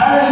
had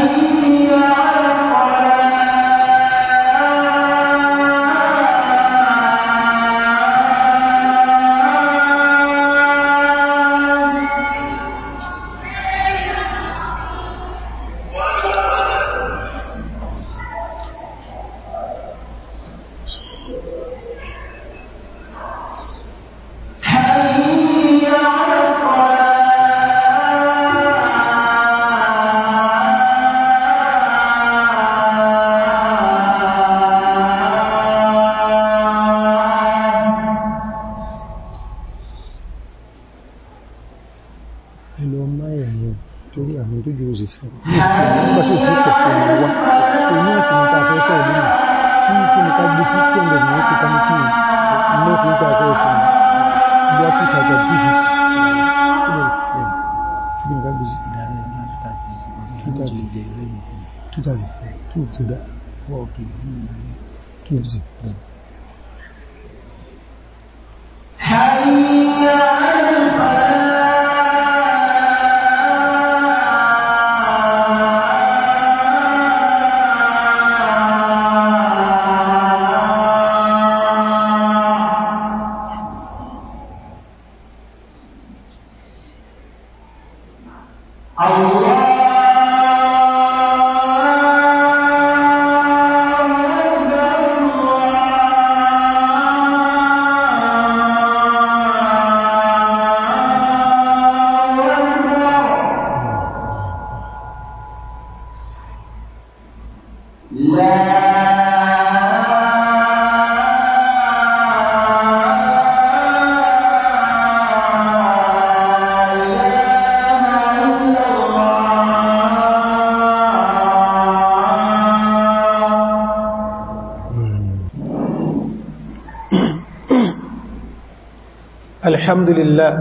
الحمد لله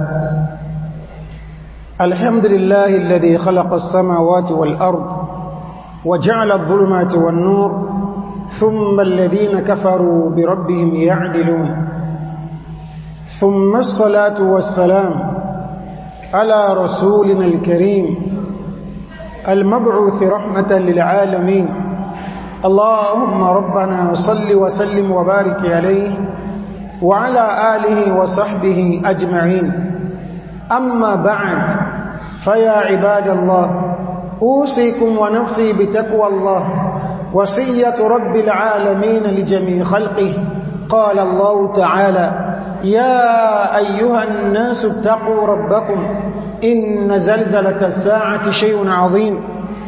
الحمد لله الذي خلق السماوات والأرض وجعل الظلمات والنور ثم الذين كفروا بربهم يعدلون ثم الصلاة والسلام على رسولنا الكريم المبعوث رحمة للعالمين اللهم ربنا صل وسلم وبارك عليه وعلى آله وصحبه أجمعين أما بعد فيا عباد الله أوصيكم ونفسي بتقوى الله وصية رب العالمين لجميع خلقه قال الله تعالى يا أيها الناس اتقوا ربكم إن زلزلة الساعة شيء عظيم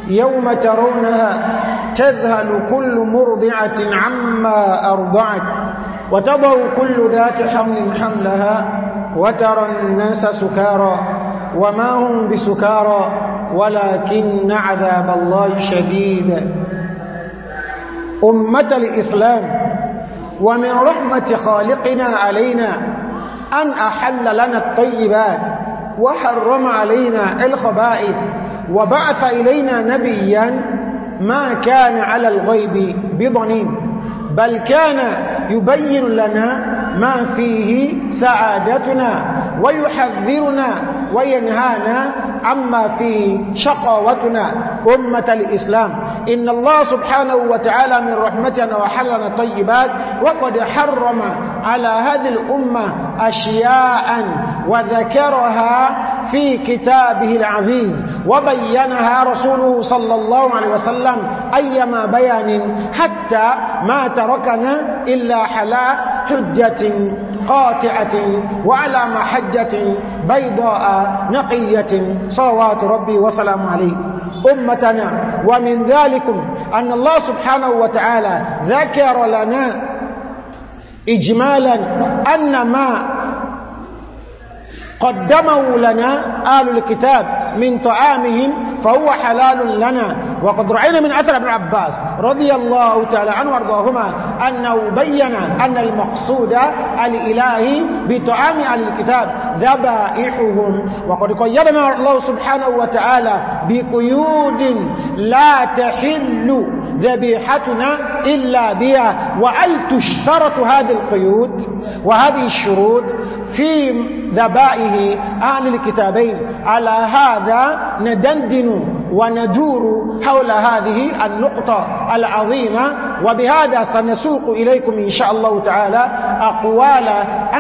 يوم ترونها تذهل كل مرضعة عما أرضعت وتضع كل ذات حمل حملها وترى الناس سكارى وما هم بسكارى ولكن عذاب الله شديد أمة الإسلام ومن رحمة خالقنا علينا أن أحل لنا الطيبات وحرم علينا الخبائث وبعث إلينا نبيا ما كان على الغيب بضنين بل كان يبين لنا ما فيه سعادتنا ويحذرنا وينهانا عما في شقاوتنا أمة الإسلام إن الله سبحانه وتعالى من رحمتنا وحلنا الطيبات وقد حرم على هذه الأمة أشياء وذكرها في كتابه العزيز وبينها رسوله صلى الله عليه وسلم أيما بيان حتى ما تركنا إلا حلا حجة قاطعة وعلى محجة بيضاء نقية صلوات ربي وسلام عليه أمتنا ومن ذلكم أن الله سبحانه وتعالى ذكر لنا إجمالا أن ما قدموا لنا آل الكتاب من طعامهم فهو حلال لنا وقد رأينا من أثر ابن عباس رضي الله تعالى عنه وارضاهما أنه بين أن المقصود الإلهي بطعام آل الكتاب ذبائحهم وقد قيدنا الله سبحانه وتعالى بقيود لا تحل ذبيحتنا إلا بها وهل تشترط هذه القيود وهذه الشروط في ذبائه أهل الكتابين على هذا ندندن وندور حول هذه النقطة العظيمة وبهذا سنسوق إليكم إن شاء الله تعالى أقوال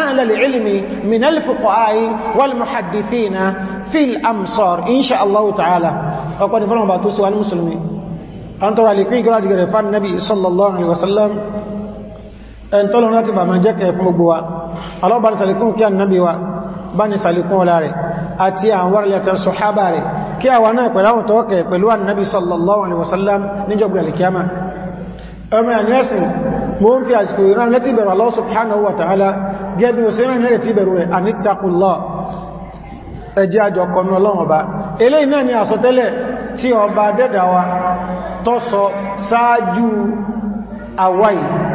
أهل العلم من الفقهاء والمحدثين في الأمصار إن شاء الله تعالى أقول فرحة باتوسي المسلمين أنت رأيكي قراج قرفان النبي صلى الله عليه وسلم أنت لهم نتبع من جاك يفهم بوا الله لكم كان نبي وقال bá ní sàlékún ọlá rẹ̀ àti àwọn arìlẹ̀tàn sọ̀hábà rẹ̀ kí àwọn náà pẹ̀lú àwọn tọ́ọ̀kẹ̀ pẹ̀lú annabi sallallahu alaihi wasallam níjọba alkiyama ọmọ ẹ̀nẹ́sìn mo ń fi àsìkò ìran lẹ́tí bẹ̀rù Allah subhanahu wa ta'ala gẹ́bí o sẹ́rìn lẹ́rẹ̀ tí bẹ̀rù rẹ̀ anittaqullah ẹjẹ́ àjọ kọmí ọlọ́run ọba eléyìí náà ni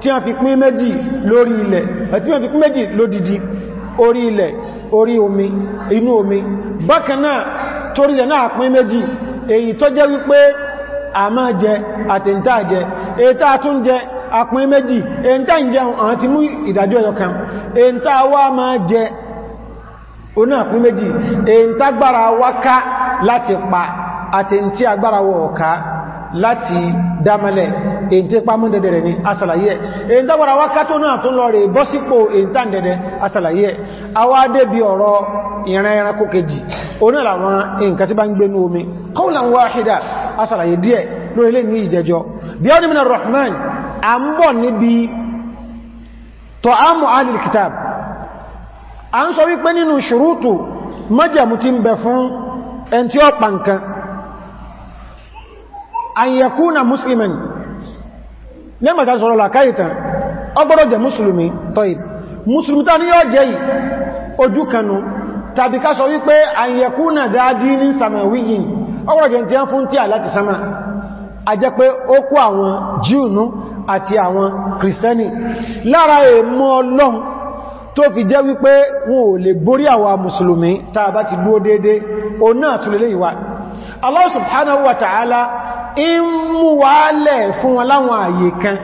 tí wọ́n fi pín méjì lórí ilẹ̀ eh, tí wọ́n fi pín méjì lódìdí orí ilẹ̀ orí omi inú omi bákanáà torí ilẹ̀ náà pín méjì èyí tó jẹ́ wípé a máa jẹ àtẹ̀ntà jẹ ètà tún jẹ àpín méjì èntà ń jẹun àwọn ti mú ìdájọ́ ẹyọ kan èntà wá máa jẹ oní àpín méjì èntà gbára wáká láti pa àtẹ̀ntì agbára wọ̀ ọ̀ká láti dámalẹ̀ èyí tí pàmú dẹ̀dẹ̀ rẹ̀ ní asàlàyé ẹ̀ èyí dáwàrà wákàtò náà tó lọ rẹ̀ bọ́sípò èyí tàn dẹ̀dẹ̀ asàlàyé ẹ̀ awádé bí ọ̀rọ̀ ìran ẹranko kejì onílàwọn nǹkan tí bá ń rahman a ń bọ̀ níbi ta'amu alil kitab a ń sọ wípé nínú ṣùrútù májàmú ti ń ẹn tí ó pa nǹkan an yakuna lẹ́mọ̀ká sọ̀rọ̀ làkáyìtàn ọgbọ́rọ̀ jẹ mùsùlùmí tọ́yì mùsùlùmí tàbí yóò jẹ́ yìí ojú kanú tàbí ká sọ wípé àyẹ̀kúnà dáadí ní samawiyin ọgbọ́rọ̀ jẹ tí a fún tí à láti sama a jẹ́ pé ó kú àwọn jíùnú àti àwọn kìrìsìtẹ́nì lára èmọ́ ọlọ́run Allah subhanahu wa ta'ala in mú wálẹ̀ fún wọn láwọn àyè kan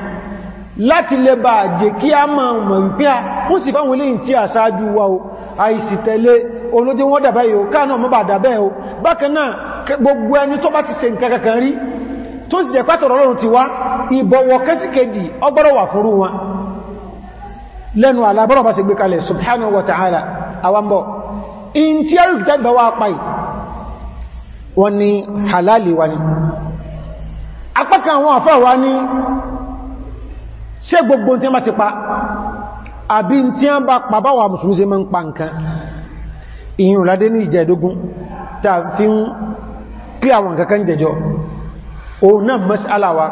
láti lè bá jẹ́ kí a máa mọ̀ wípé a mú sì fáwọn olóyìn tí àṣáájú wa o àìsìtẹ̀lé olóde wọ́n dàbẹ́ yóò káà náà mọ́ bà dàbẹ́ o bákan náà gbogbo ẹni tó bá ti ṣe nǹkan subhanahu wa ta'ala awambo in tí a ni halali wani apákan àwọn àfáàwà ní ṣe gbogbo tí a bá ti pa àbí tí a bá pàbáwà mùsùlùmí ṣe mọ́ ń pa nǹkan ìyìn ìrìnládé ní ìjẹ́ ìdógún ta fi ń kí àwọn kankan jẹjọ òun náà mas'ala wa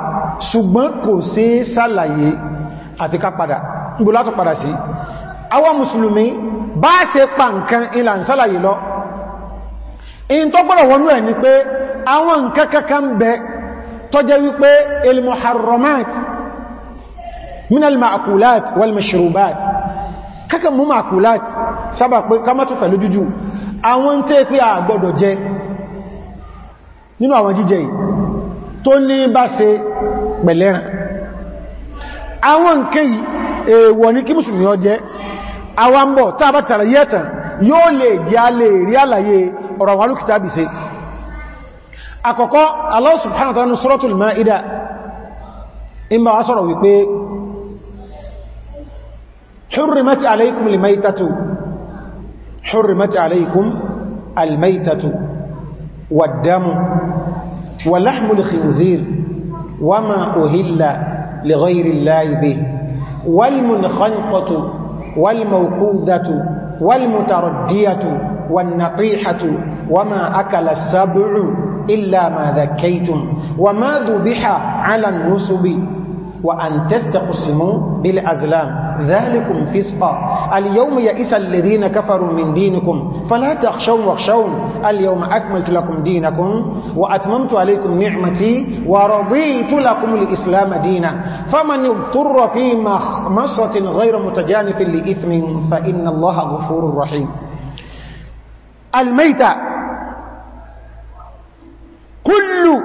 ṣùgbọ́n kò sí sálàyé àti ká padà padà sí àwọn mùsùlùmí bá ṣe pa nǹkan ìlà ń sálàyé lọ in tó gbọ́rọ̀ wọnú ẹ̀ ni pé àwọn nǹkan kankan bẹ́ẹ̀ tó jẹ́ wípé ilmuharramat minal ma'akulat wal mashrubat kaka mú ma'akulat sábà pé ká mọ́tò fẹ̀lú jújú àwọn tẹ́ pé a gbọ́dọ̀ jẹ nínú àwọn jíjẹ yìí tó ní bá ṣe pẹ̀lẹ́ràn àwọn nǹkan yìí ní kí mùsùlùmí ó jẹ àwọn bọ̀ tàbátàrà yẹ́tàn yóò lè jẹ́ a rí àlàyé ọ̀rọ̀ àwọn alúkìtàbìsẹ́ àkọ́kọ́ Allah subhanahu wa ta'ala ní suratul Ma'idah in ba wá sọ̀rọ̀ wípé hurrimat alaykum al-maytatu hurrimat alaykum al-maytatu wad-damu wa lahmul wa ma wa ma akala sabu إلا ما ذكيتم وما ذبح على النسب وأن تستقسموا بالأزلام ذلكم فسقا اليوم يئس الذين كفروا من دينكم فلا تخشون واخشون اليوم أكملت لكم دينكم وأتممت عليكم نعمتي ورضيت لكم الإسلام دينا فمن اضطر في مخمصة غير متجانف لإثم فإن الله غفور رحيم الميتة kullu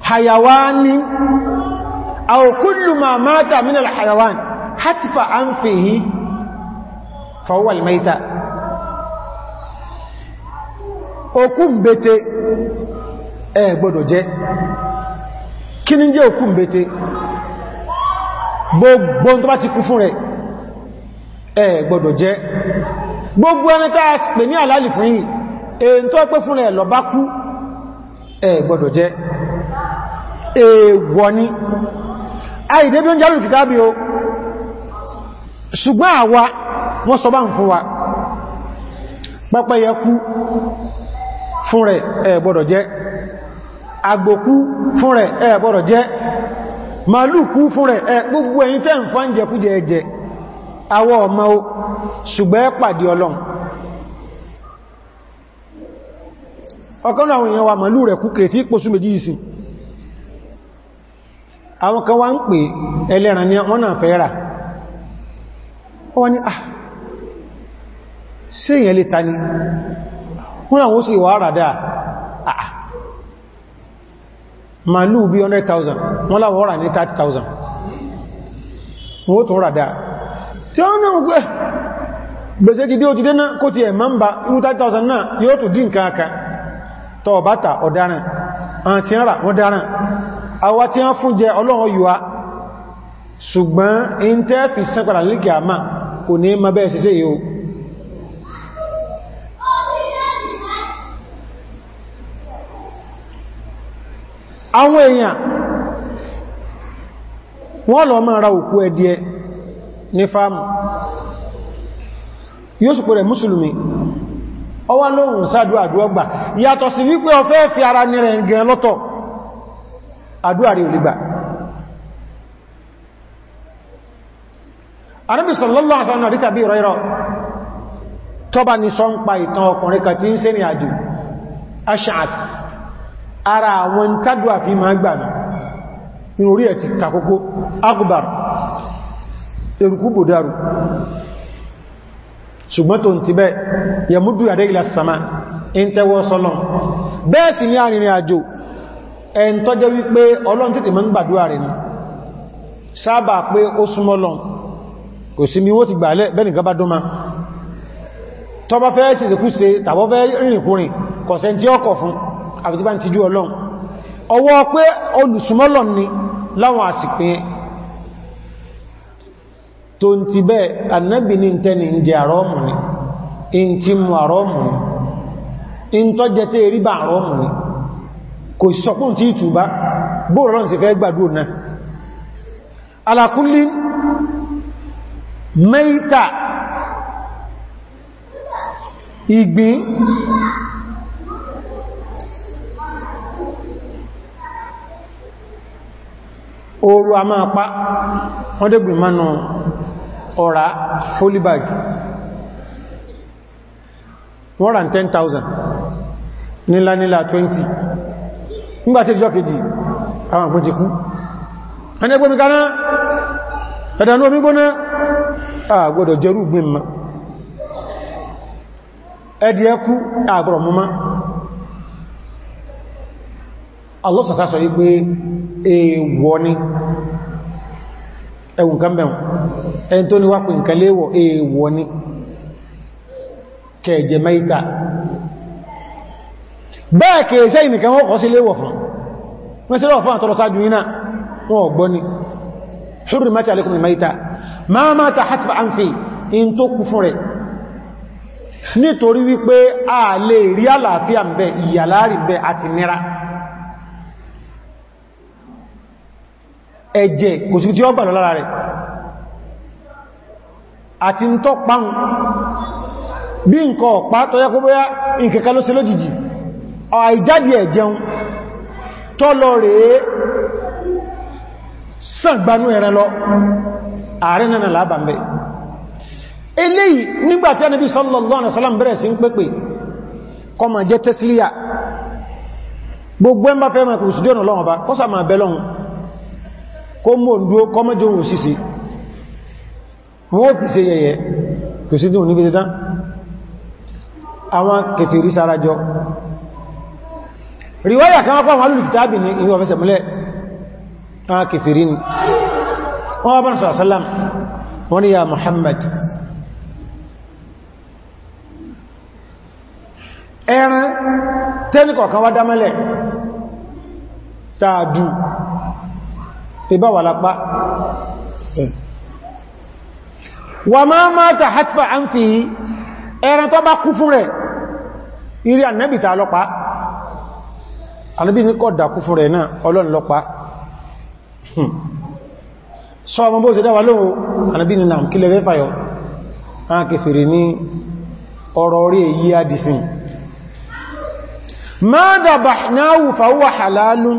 hayawani aw kullu ma mata min alhayawan hatfa anfihi fa huwa almayta okumbete ẹ gbọ́dọ̀ jẹ kíni jẹ́ okumbete gbogbo tó bá ti kú fún rẹ̀ ẹ gbọ́dọ̀ jẹ gbogbo ẹni tá a pè ní àlàlì fún yìí èyí tó pẹ́ fún rẹ̀ lọ bá kú ẹ gbọ́dọ̀ jẹ́ èèwọ̀ ni àìdé bí ó ń jálù kìtàbí o ṣùgbọ́n àwa wọ́n sọ bá ń fún wa pẹ́pẹ́yẹ kú fún rẹ̀ ẹ jẹ́ fún rẹ̀ ẹ jẹ́ fún rẹ̀ tẹ́ ń ọkànlá àwọn èèyàn wa màlú rẹ̀ kúkẹ̀ tí pòsú méjì ìsìn àwọn kan wá ń pè ẹlẹ́ran ní wọ́n náà fẹ́ rà ó wá ní à ah, èèyàn lè ta ni wọ́n àwọn sì wà ràdá àà ah, màlú bí 100,000 wọ́n láwọ́ rà ní 30,000 wọ́n tó ràdá tí wọ́n náà gbẹ́ ah, gbèsè ti dé ó ti dé náà kó ti ẹ̀ máa ń ba 30,000 náà yóò tó dín aka tọ́ bátà ọ̀daràn àwọn tí ń rà wọ́n dáràn àwa tí fún jẹ ọlọ́run yíwa ṣùgbọ́n in tẹ́ fi sán padà àmà kò ní ma bẹ́ẹ̀ sí yíò àwọn èèyàn wọ́n lọ máa ra òkú ẹdíẹ ní fáàmù yóò ọwá lóhun sáàdúwà àdúọgbà yàtọ̀ sí wípé ọfẹ́ fi ara nìrẹ̀ ǹgẹ̀ lọ́tọ̀ àdúwà rí olígbà Ànábì sallallahu alaihi wasallam àríkà bí ìrọ̀ tọ́bà ní sọ ń pa ìtàn ọkùnrin kan tí ń ṣe ṣùgbọ́n tó ń ti bẹ́ yẹmúdù àdé ilẹ̀ sàmà in tẹ́wọ́ sọ́lọ́ bẹ́ẹ̀ sì ní àrìnrìn àjò ẹn tó jẹ́ wípé ọlọ́n títì mọ́ ń gbàdúrà rẹ̀ ni sábà pé ó súnmọ́lọ́ kò sí mi wó ti gbà bẹ́ẹ̀ se tàbọ́ fẹ́ rìnrìnkúrìn kọ̀sẹ̀ tí ọkọ̀ fún àbìtíbá ti jú ọlọ́n ọwọ́ ni láwọn àsìkò tó ń ti bẹ́ annabi ní tẹ́ni ń jẹ àrọ́mù ni in ti mú àrọ́mù ni in tọ́ jẹ tẹ́ rí bá àrọ́mù kò tí ìtùbá fẹ́ a máa pa wọ́n ọ̀rá holibag wọ́n nila 10,000 nílá nílá 20 nígbàtí ìjọ kejì àwọn àpò ti kú ẹni ẹgbẹ́ mi kaná ẹ̀dànú omi gbóná àgbọ́dọ̀ jẹrú gbìn ma ẹkú àgbọ̀rọ̀ mọ́má yí pé èèwọ̀ ẹwùn kan mẹ́wọ̀n ẹni tó ní wápù nǹkan léwọ̀ èèwọ̀ ni kẹjẹ mẹ́ta bẹ́ẹ̀ kẹsẹ́ ìnìkan wọ́n kọ́ sí léwọ̀ fún wọ́n sí léwọ̀ fún àtọrọ sáájú ta hàtìfà án fi in a lè rí àlàáfíà ń bẹ ìyàlárí bẹ àti nira ẹ̀jẹ̀ kò sí tí ó gbàlọ lára rẹ̀ àti ń tọ́ páhùn bí nǹkan ọ̀pá tó yẹ kó bóyá ìkẹ̀kẹ́ ló ṣe lójijì àìjáde ẹ̀jẹun tọ́lọ rẹ̀ sàgbánú ẹ̀rẹ lọ ààrẹ náà lábàmbẹ̀ eléyìí nígbàtí Ànábì sallallahu alaihi wasallam bẹ̀rẹ̀ sí ń pépè kọmọ jẹ́ tẹ́sílíà gbogbo ẹmbà fẹ́ mọ̀ kùsùdí ọ̀nà lọ́wọ́ bá kọ́sà máa bẹ́lọ́un kó mọ̀ dúó kọmọ́jọ òun síse wọ́n fi ṣe yẹ̀yẹ̀ kò sí dùn ní fi ṣe tán àwọn kèfèrí sarajọ ríwáyà kan wọ́n wọ́n lùkítàbì ní ìwọ̀n fẹ́sẹ̀ múlẹ̀ àwọn kèfèrí ni wọ́n bá sọ àsálàm wọ́n ni ya Muhammad ẹran tẹ́nìkọ̀ọ̀kan wá dámẹ́lẹ̀ tààdù ìbá wà lápá wà máa máa ta hatfa an fi ẹran tó bá kú fún rẹ̀ irí annabi ta lọ́pa annabi ní kọ́ dákú fún rẹ̀ náà ọlọ́n lọ́pa hmm. sọ ọmọ bó ṣe dáwà lóhun annabi ní nàm kílẹ̀ fàyọ a kèfèrè ní ọ̀rọ̀ orí èyí adìsìn ma náà wùfà wà halalun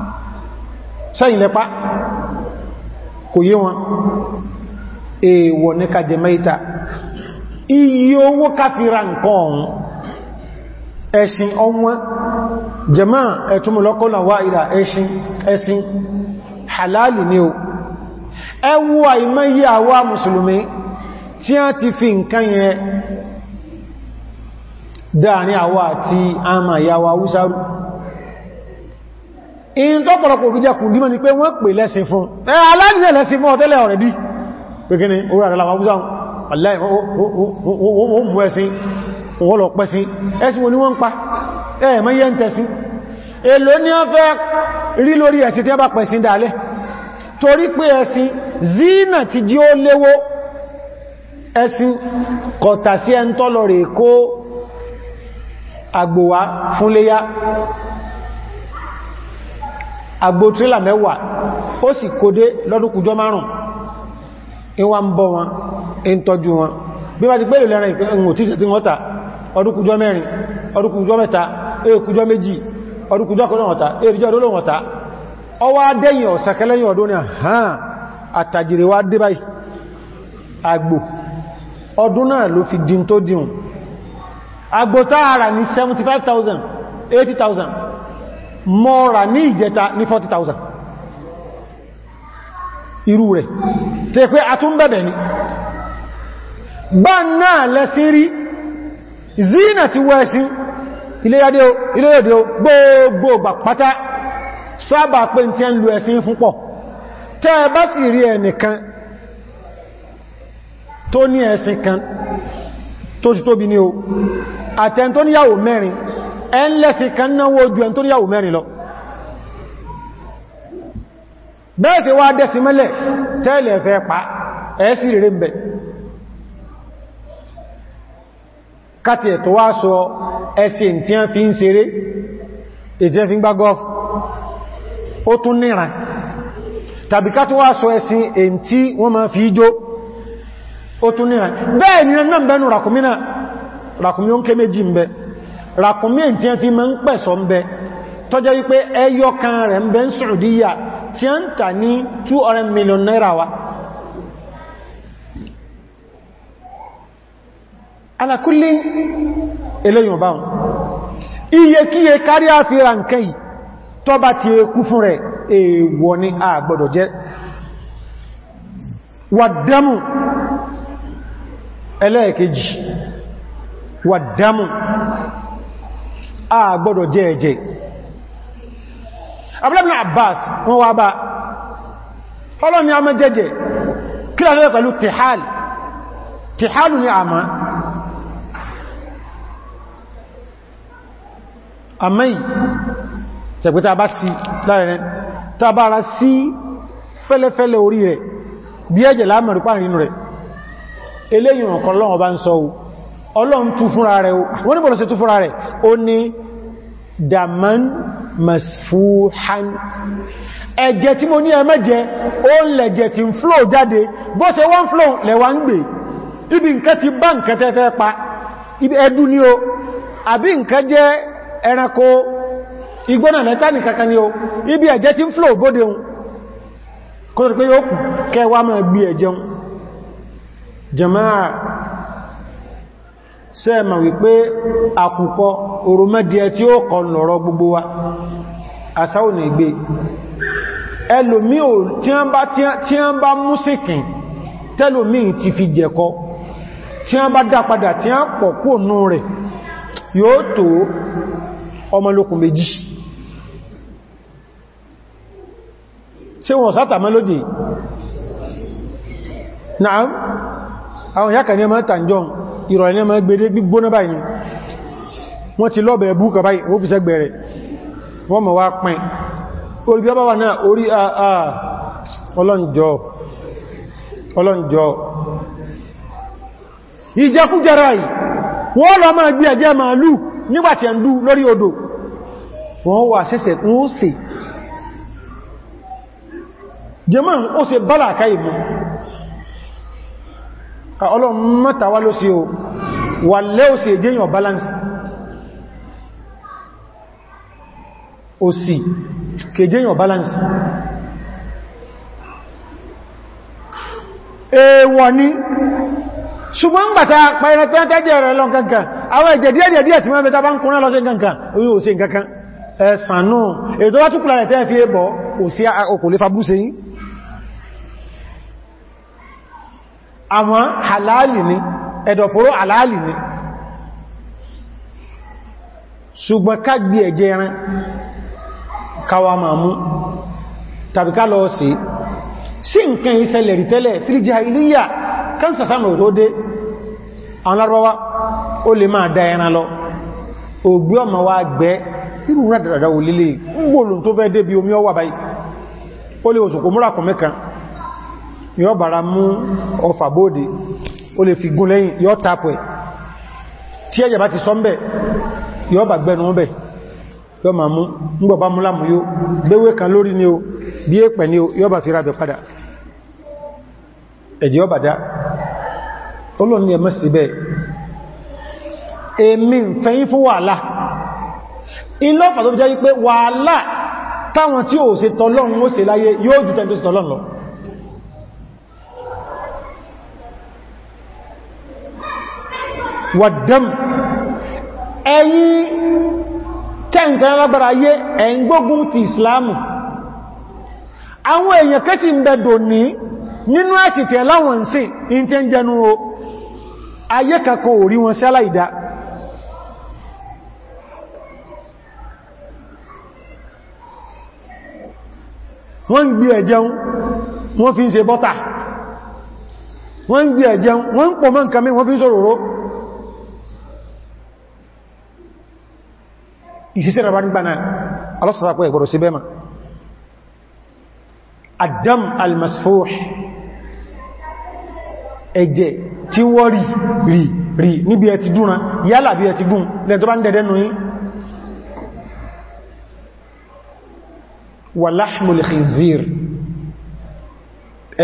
sẹ́yìn lẹ́pá kò yé wọn èèwọ̀ ní kàjẹ mẹ́ta iye owó káfíra nǹkan ọ̀hún ẹ̀ṣin ọwọ́n jẹ́mọ́ ẹ̀túnmọ̀lọ́kọ́lá wá ìrà ẹ̀ṣin ẹ̀ṣin halali ni o ẹwú àìmẹ́yí àwa mùsùlùmí tí a ti fi nǹkan yẹn dáàrin àwa àti àmà ìyàwó haúsárù in tó pọ̀lọpọ̀ òfíjà kùn dímọ̀ ni pé wọ́n pè lẹ́sìn fún ẹ aláàrínà lẹ́sìn fún ọ̀tẹ́lẹ̀ ọ̀rẹ́ bí pẹ̀kẹ́ni orí àrẹ́lá wọn gúzáun aláì wọ́n mú ẹ̀sìn wọ́n lọ pẹ́sìn ẹ̀sìn wọn ni wọ́n pa ẹ̀ẹ̀mọ́ yẹ́ ń tẹ́sìn èlò ní wọ́n fẹ́ rí lórí ẹ̀sìn tí a bá zina ti jí ó léwó ẹ̀sìn kọ̀tà sí ẹntọ́lọ̀ rẹ̀ àgbò trílà mẹ́wàá ó sì kódé lọ́dúnkùjọ márùn ìwà ń bọ́ wọn in tọ́jú wọn bí wá ti pẹ́lú lẹ́rin ìwò tí ìsẹ̀tí wọ́n ta ọdúnkùjọ mẹ́rin ọdúnkùjọ mẹ́ta ẹ̀kùjọ méjì ọdúnkùjọ kọlọ́wọ̀ta ẹ̀rìjọ ọdọ́lọ́wọ̀ta ọwá dẹ́yìn ọ̀sàkẹ́lẹ́yìn ọdún ni àhán àtàjèrè wá dé báyìí àgbò náà ló fi dín tó dín àgbò táàrà ní 75,000 80,000 mọ́ra ní ìjẹta ní 40,000 irú rẹ̀ tẹ́ pé a tún bẹ̀bẹ̀ ni bá náà lẹ́sí rí zina ti wẹ́sí iléyàdé gbogbogbà pátá sábà pé tí ń lu ẹ̀sìn fún pọ̀ tẹ́ bá sì rí ẹnìkan tó ní ẹ̀sìn kan tó ti tóbi ní o àtẹ́ntó mẹ́rin ẹnlẹ́sì kan náwó ojú ẹn tó níyàwó mẹ́rin lọ bẹ́ẹ̀sẹ̀ wá dẹ́sì mẹ́lẹ̀ tẹ́lẹ̀ fẹ́ pa ẹ̀ẹ́sì rere ń bẹ̀ káti ẹ̀tọ́ wá sọ ẹsẹ̀ tí a fi ń ṣeré ìjẹ́ fi ń gbá gọ́ọ̀fù ó tún níran tàbí ká tó wá sọ ẹsìn tí wọ́n máa fi jó ó tún níran bẹ́ẹ̀ ni náà bẹ́nu ràkùnmí náà ràkùnmí ó ń ké méjì ń bẹ́ẹ̀ ràkúnmí tí a fi mọ́ ń pẹ̀sọ̀ ń bẹ tó jẹ́ wípé ẹyọ kan rẹ̀ ń bẹ ń Saudiya tí a ń tà ní 200 million naira wa alákúlé eléyìn ọba wọn iye kíye kárí àfíra nkẹ́ yìí tó bá ti kú fún rẹ̀ èèwọ̀ ni a gbọ́dọ̀ jẹ wàdámù ẹlẹ́ẹ̀kejì wàdámù a gbọ́dọ̀ jẹ ẹ̀jẹ̀ abúlẹ́bìnà abbas wọ́n wá bá ọlọ́ni a mọ́ jẹ́jẹ̀ kí lọ́lọ́ pẹ̀lú tihal tihalu ni àmá àmẹ́yì tẹ̀gbẹ́ta bá sí láàrin tàbára sí fẹ́lẹ́fẹ́lẹ́ orí rẹ̀ bí ẹ̀jẹ̀ láàmẹ̀rúpá nínú rẹ̀ eléyìn ọ̀kan lọ́wọ́ bá ń sọ ọlọ́run tú fúnra rẹ̀ wọ́n ní bọ̀lọ̀ sí tú fúnra rẹ̀ ó ní daman masfuhan ẹ̀jẹ̀ tí mo ní ẹmẹ́jẹ ó ń lẹ̀jẹ̀ tí ń flow jáde bó ṣe wọ́n flow lẹ́wà ń gbé ibi nǹkan ti bá nǹkan tẹ́fẹ́ pa ibi ẹdú ni o àbí nǹkan jẹ́ ẹranko igbónà mẹ́ta nìkankan ni o ibi ẹ̀jẹ̀ tí ń flow bóde un kó sẹ́ẹ̀mà wípé àkùkọ òrùmẹ́díẹ tí o kọ lọ̀rọ̀ gbogbo wa àsáwò ní ìgbé ẹlòmí ò tí a ń bá músìkìn tẹ́lòmí ti fi jẹ̀kọ tí a bá dápadà tí a pọ kú ònú rẹ̀ yóò tó ọmọlókùn méjì ṣe wọ́n sátà náà ìrọ̀lẹ́ náà máa gbèrè gbígbóná báyìí wọ́n ti lọ́bẹ̀ ẹbú kà báyìí wọ́n fi sẹ́gbẹ̀rẹ̀ wọ́n mọ̀ wá pín orí bíọ́ bá wà náà orí àà ọlọ́njọ́ ọlọ́njọ́ ìjẹkújẹra yìí wọ́n lọ máa gbí ẹ̀jẹ̀ màálù nígbàtí ẹ̀ndú lórí odò wọ́n wà sẹ́sẹ̀ kún ó sì jẹ́mọ́ ó sì bálà ọlọ́run mẹ́ta wá ló sí o wà lẹ́ òsì èdèyàn balance o òsì kèdèyàn balance èèwọ̀ ni ṣùgbọ́n gbàta pẹ̀rẹ̀ tí wọ́n tẹ́jẹ̀ rẹ̀ lọ kankan àwọn ẹ̀jẹ̀ díẹ̀ díẹ̀ tí wọ́n bẹ̀ta bá ń kúnrẹ́ lọ sí kankan orí òsì nkankan ẹ̀sànú èdò wá túnkùnlẹ̀ tẹ́ fi ẹbọ̀ òsì okòlẹ́fà búrúsẹ̀ yìí àwọn halali ni ẹ̀dọ̀fóró halali ni ṣùgbọ́n ká gbé ẹ̀jẹ̀ ẹran káwa máa mú tàbí ká lọ sí sí nǹkan ìṣẹ̀lẹ̀ rí fíríjì ilíyà kánsà sáàmù o àwọn ó lè máa da ẹran lọ ògbé ọmọ wa gbẹ́ irú ń gbòlùn tó fẹ́ omi ọwà báyìí kan yọ bàrá mú ọfà bóòdì ó lè fi gún lẹ́yìn yọ tapẹ̀ tí ẹjẹ̀ bá ti sọ́mbẹ̀ yọ bà gbẹnu ọbẹ̀ yọ ma mú ngbọ̀bá múlámù yóò gbéwé kan lórí ni o bí é pẹ̀ ni o yọ bà fi rábẹ̀ padà ẹ̀jẹ̀ ọba dá olóòrùn ni ẹmọ́ sí bẹ́ èmi fẹ́yìn fún wàhálà ilọ́pàá tó fi jẹ́ wípé wàhálà táwọn tí ò ṣe tọ́lọ́run ó ṣe láyé wàdám ẹ̀yìn kẹ́ǹkan lágbàrá ayé ẹ̀yìn gbógun ti islamu àwọn èèyàn kẹ́sì ń bẹ̀dọ̀ ní nínú ẹ̀sì tẹ̀ láwọn sí in tẹ́ ń jẹnu o ayé kakọ̀ orí wọn sí aláìdá wọ́n ń gbí ẹ̀jẹun wọ́n fi ń ṣe bọ́tà wọ́n ń gbí ẹ̀jẹun wọ́n ń pọ̀ mọ́ nǹkan mí wọ́n fi ń ṣòròró ìṣẹ́sẹ́ rẹ̀ bá ń gbà náà alọ́sọ̀sápọ̀ ẹ̀gbọ̀rọ̀ sí bẹ́mà adam almasfuh ẹ̀jẹ̀ tí wọ́n rí rí rí níbi ẹ̀ ti dúnra yálà bí ẹ̀ ti dún lẹ́ bá ń dẹ̀dẹ̀ nù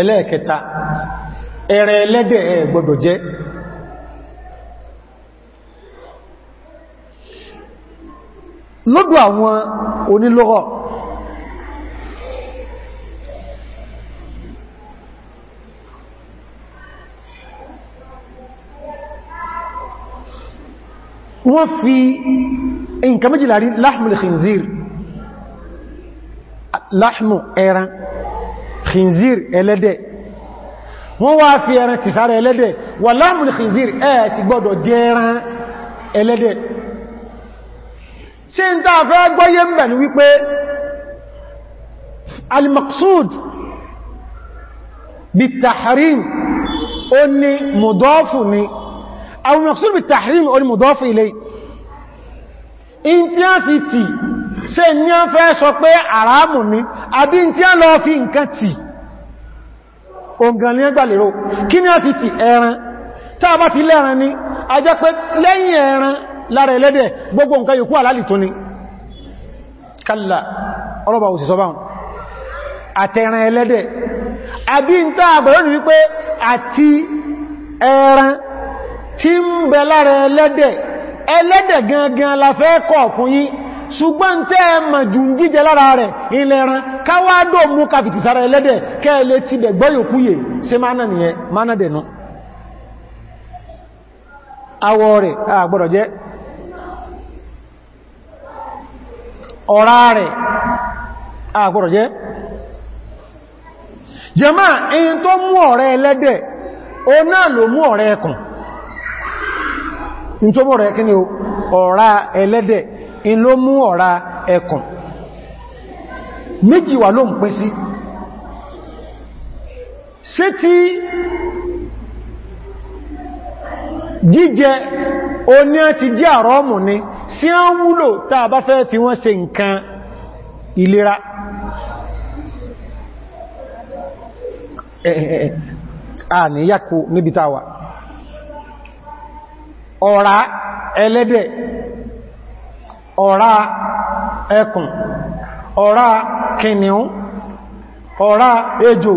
ẹlẹ́ẹ̀kẹta ẹ̀rẹ̀ ẹlẹ́dẹ̀ ẹ̀ jẹ́ lọ́dọ̀ àwọn onílọ́rọ̀ wọ́n fi nǹkan méjìlá rí láhmù khinzir láhmù ẹran khinzir ẹlẹ́dẹ̀ wọ́n wá fi ẹran tìsára ẹlẹ́dẹ̀ wà láhmù khinzir ẹ̀ sì gbọ́dọ̀ jẹ́ ẹran ẹlẹ́dẹ̀ sí ń tàà fẹ́ gbọ́yé ń bẹ̀ ní wípé al-maqsud bit-tahrim ó ní mùdọ́fù ni àwọn maqsud bit-tahrim ó ní mùdọ́fù ilé in tí a fi tì sí ní a fẹ́ sọ pé àrámù ni àbí tí a lọ fi nǹkan tì òǹgàn ní ẹgbàlérò kí ni a fi tì ẹran tàbá lẹ́ran ni a jẹ́ pé lẹ́yìn ẹran lára ẹlẹ́dẹ̀ gbogbo nǹkan yòókù àlálì tó ní kalla ọlọ́bà òsìsọ báhùn àtẹ̀ràn ẹlẹ́dẹ̀ àbí ń tàà àgbẹ̀rẹ̀ ní wípé àti ẹran tí ń bẹ lára ẹlẹ́dẹ̀ ẹlẹ́dẹ̀ gangan la fẹ́ fún yí ṣùgbọ́n tẹ́ ẹmà jù ń jíjẹ lára rẹ̀ ilẹ̀ ẹran mú kàfìtì sára ẹlẹ́dẹ̀ kẹ́ẹ̀lẹ́ ti bẹ̀ ọ̀rá rẹ̀ àgbọ̀rọ̀ jẹ́ jẹmá in tó mú ọ̀rẹ́ ẹlẹ́dẹ̀ o náà ló mú ọ̀rẹ́ ẹkùn ní tó mú ọ̀rẹ́ kí ni o ọ̀rá ẹlẹ́dẹ̀ in ló mú ọ̀rá ẹkùn méjì wà ló ń pín sí ṣé ti jíjẹ oní ti jẹ́ àrọ́mù ni sí án wúlò tàà bá fẹ́ fi wọ́n ṣe nǹkan ìlera àníyàkó níbi tàwà ọ̀rá ẹlẹ́dẹ̀ ọ̀rá ẹkùn ọ̀rá kìnìún ọ̀rá ejò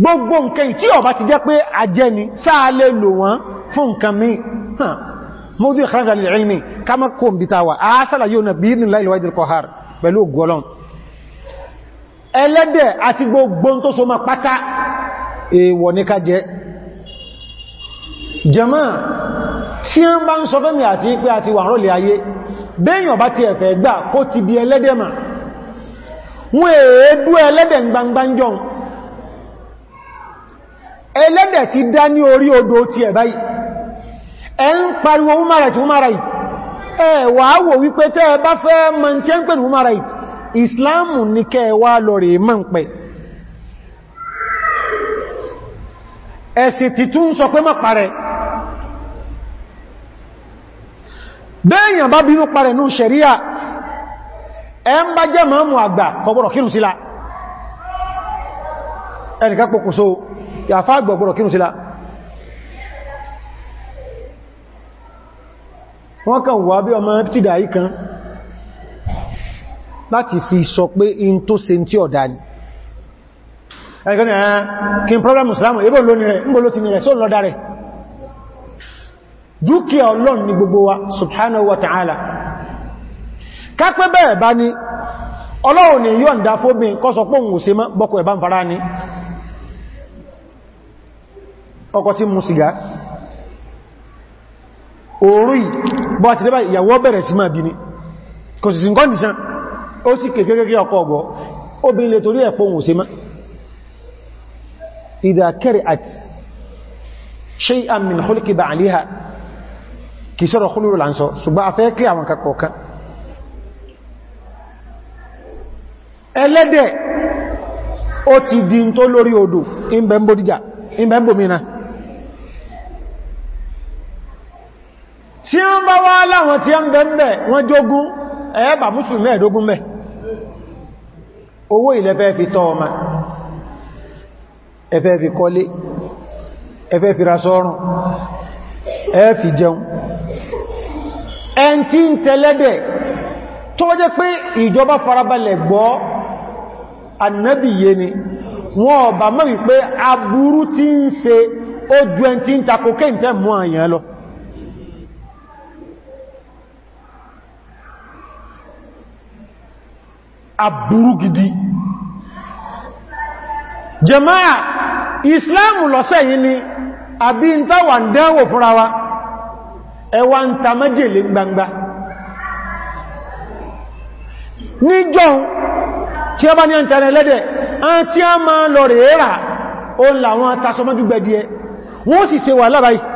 gbogbo nǹkan tí ó bá ti jẹ́ pé ni sáà lè lò wọ́n fún nǹkan mi mọ́dí ìkàrànlẹ̀ ilmi kama kó ń bí tàwà àásàlà yóò na bí ní láìlúwáìdìl kọ̀hár pẹ̀lú ògùọlọ́n ẹlẹ́dẹ̀ àti gbogbo tó so ma pátá èèwọ̀ ní ká jẹ jẹmọ́ tí a ń bá ń sọ fẹ́mì àti pé àti wà rọ̀lẹ̀ ayé bẹ́yàn bá ti ẹ̀fẹ̀ gbà kó ti bí ẹlẹ́dẹ̀ mà wọ́n èédú ẹlẹ́dẹ̀ gbangbanjọ́n ẹlẹ́dẹ̀ ti dá ní orí odò ti ẹ̀ báyìí ẹ ń pariwo human rights ẹ̀wà wò wípé tẹ́ ẹ bá fẹ́ mọ́ tí ẹ ń pè ní human right Islam ní kẹwà lọ rẹ̀ mọ́ ń pẹ̀ ẹ̀sì títún sọ pé mọ́ parẹ́ bẹ́ẹ̀yàn bá bínú parẹ̀ ní ṣẹ̀ríà ẹ ń bá jẹ́ mọ́mù àgbà kọgbọ́rọ̀ kírù sílá ẹnìkan pòkùnso yàfá àgbà kọgbọ́rọ̀ sílá wọ́n kàn wà bí ọmọ pítìdà yìí kan láti fi sọ pé in tó ṣe tí ọ̀dá ni ẹgbẹ́ni àwọn kí n problem islamu ló ti ní rẹ̀ só lọ́dá rẹ̀ dúkìá ọlọ́n ni gbogbo wa subhanahu wa ta'ala ni orí bọ́ àti lẹ́bàá ìyàwó bẹ̀rẹ̀ sí máa bí ní kò sì sí nǹkan nìsan ó sì kèkèkèkè ọkọ̀ ọgbọ̀ obìnrin lè torí ẹ̀pọ̀ òun sí má ìdàkẹ́rẹ̀ àti shay'an min khulqi ba'liha kì sọ́rọ̀ khuluru là ń sọ ṣùgbọ́n tí ó ń bá wá láwọn tí ó ń bẹ̀m̀bẹ̀ wọ́n jógún ẹ̀ẹ́bà mùsùlùmí ẹ̀dógún mẹ́ owó ilẹ̀ fẹ́ fi tọ́ ọmọ ẹfẹ́ fi kọ́lé ẹfẹ́ fi rasọ́rùn ẹ̀ẹ́ fi jẹun ẹn tí ń tẹ́lẹ́dẹ̀ tó jẹ́ pé ìjọba farabalẹ̀ gbọ́ annabiye ni wọn ọba mọ́ wípé aburú tí ń ṣe ó ju ẹn tí ń takò kéǹtẹ́ mú àyàn lọ aburú gidi jama'a islamu lọ́sẹ̀ yìí ni àbí ń tàwà ń dánwò fúnra wa ẹwà ń ta májèlé gbangba níjọ́ tí a bá ní ọ̀ntẹ̀rẹ̀ lẹ́dẹ̀ án tí a máa lọ rèé rà ó làwọn atasọmọ́jú gbẹ̀díẹ wọ́n sì ṣe wà lábáyìí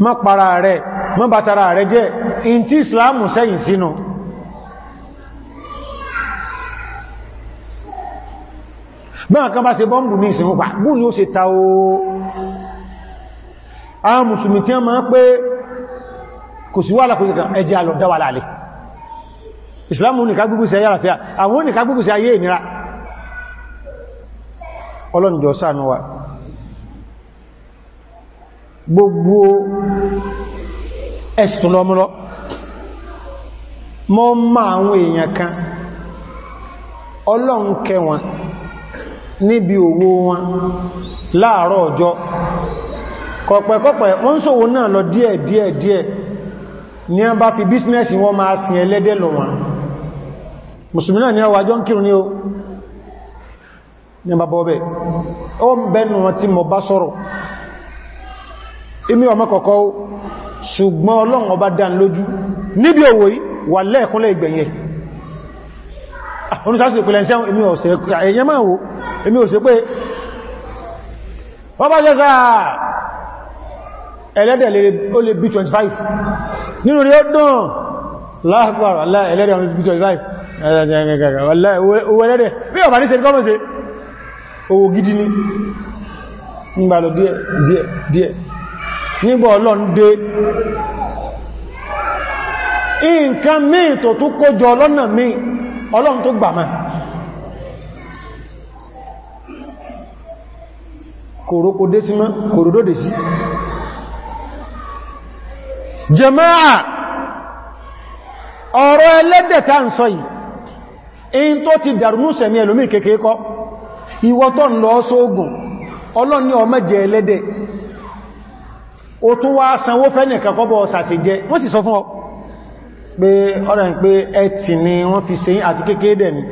má para rẹ̀ má bàtara rẹ̀ jẹ́ in tí islamu sẹ́yìn sínú báwọn kan bá ṣe bọ́m̀bù ní ìsìnkú pa bú ni ó ṣe ta o àwọn mùsùlùmí tí wọ́n máa pé kò sí wàhálà kò sí kan ẹjẹ́ alọ̀dáwà láàlẹ̀ islamu nìká gbogbo sí ayé àlàáfíà àwọn nìká gbogbo sí ayé ìnira ọlọ́njọ́ ṣàánú wa gbogbo ẹ̀sùn lọmọlọ mọ́ má àwọn èèyàn kan ọlọ́run kẹwọn níbi òwò wọn láàárọ̀ ọjọ́ kọ̀pẹ̀kọ̀pẹ̀ wọ́n ń náà lọ díẹ̀ díẹ̀ díẹ̀ ní a bá fi bísínẹ́sì wọ́n máa sin ẹlẹ́dẹ̀ lọ wọn musulmi náà ni ọwà jọ ń ní o ní a bá bọ́ èmi ọmọ kọ̀kọ́ o ṣùgbọ́n ọlọ́run ọba dán lójú níbi òwò yìí wà lẹ́ẹ̀kúnlẹ̀ ìgbẹ̀yẹ oníṣàṣì ìpìlẹ̀ ṣẹ́ èmi ọ̀sẹ̀ ẹ̀yẹ máa wo èmi ọ̀sẹ̀ pé wọ́n bá jẹ́ sáà ẹlẹ́dẹ̀ ó lè bí 25 nínú rí ó dán láàpàá ẹlẹ́dẹ̀ ó lè bí 25 owó ẹlẹ́dẹ̀ bí ọ̀bá ní ń gbà lọ díẹ̀ díẹ̀ nígbà ọlọ́n dé nǹkan míì tó tó kójọ ọlọ́nà míì ọlọ́n tó gbàmà kòrókò dé sí mọ́ kòròdó dé sí jẹmáà ọ̀rọ̀ tó ti dàrúnú sẹ̀mí ẹlòmí kékeré kọ ìwọ ń lọ ọlọ́ni ọmọ jẹ ẹlẹ́dẹ̀ o tún wá sanwó fẹ́nìkan kọ́bọ̀ sàṣì jẹ wọ́n sì sọ fún ọ pé ọ̀rẹ́ ń pé ẹtì ni wọ́n fi ṣe àti kékeré dẹ̀ ni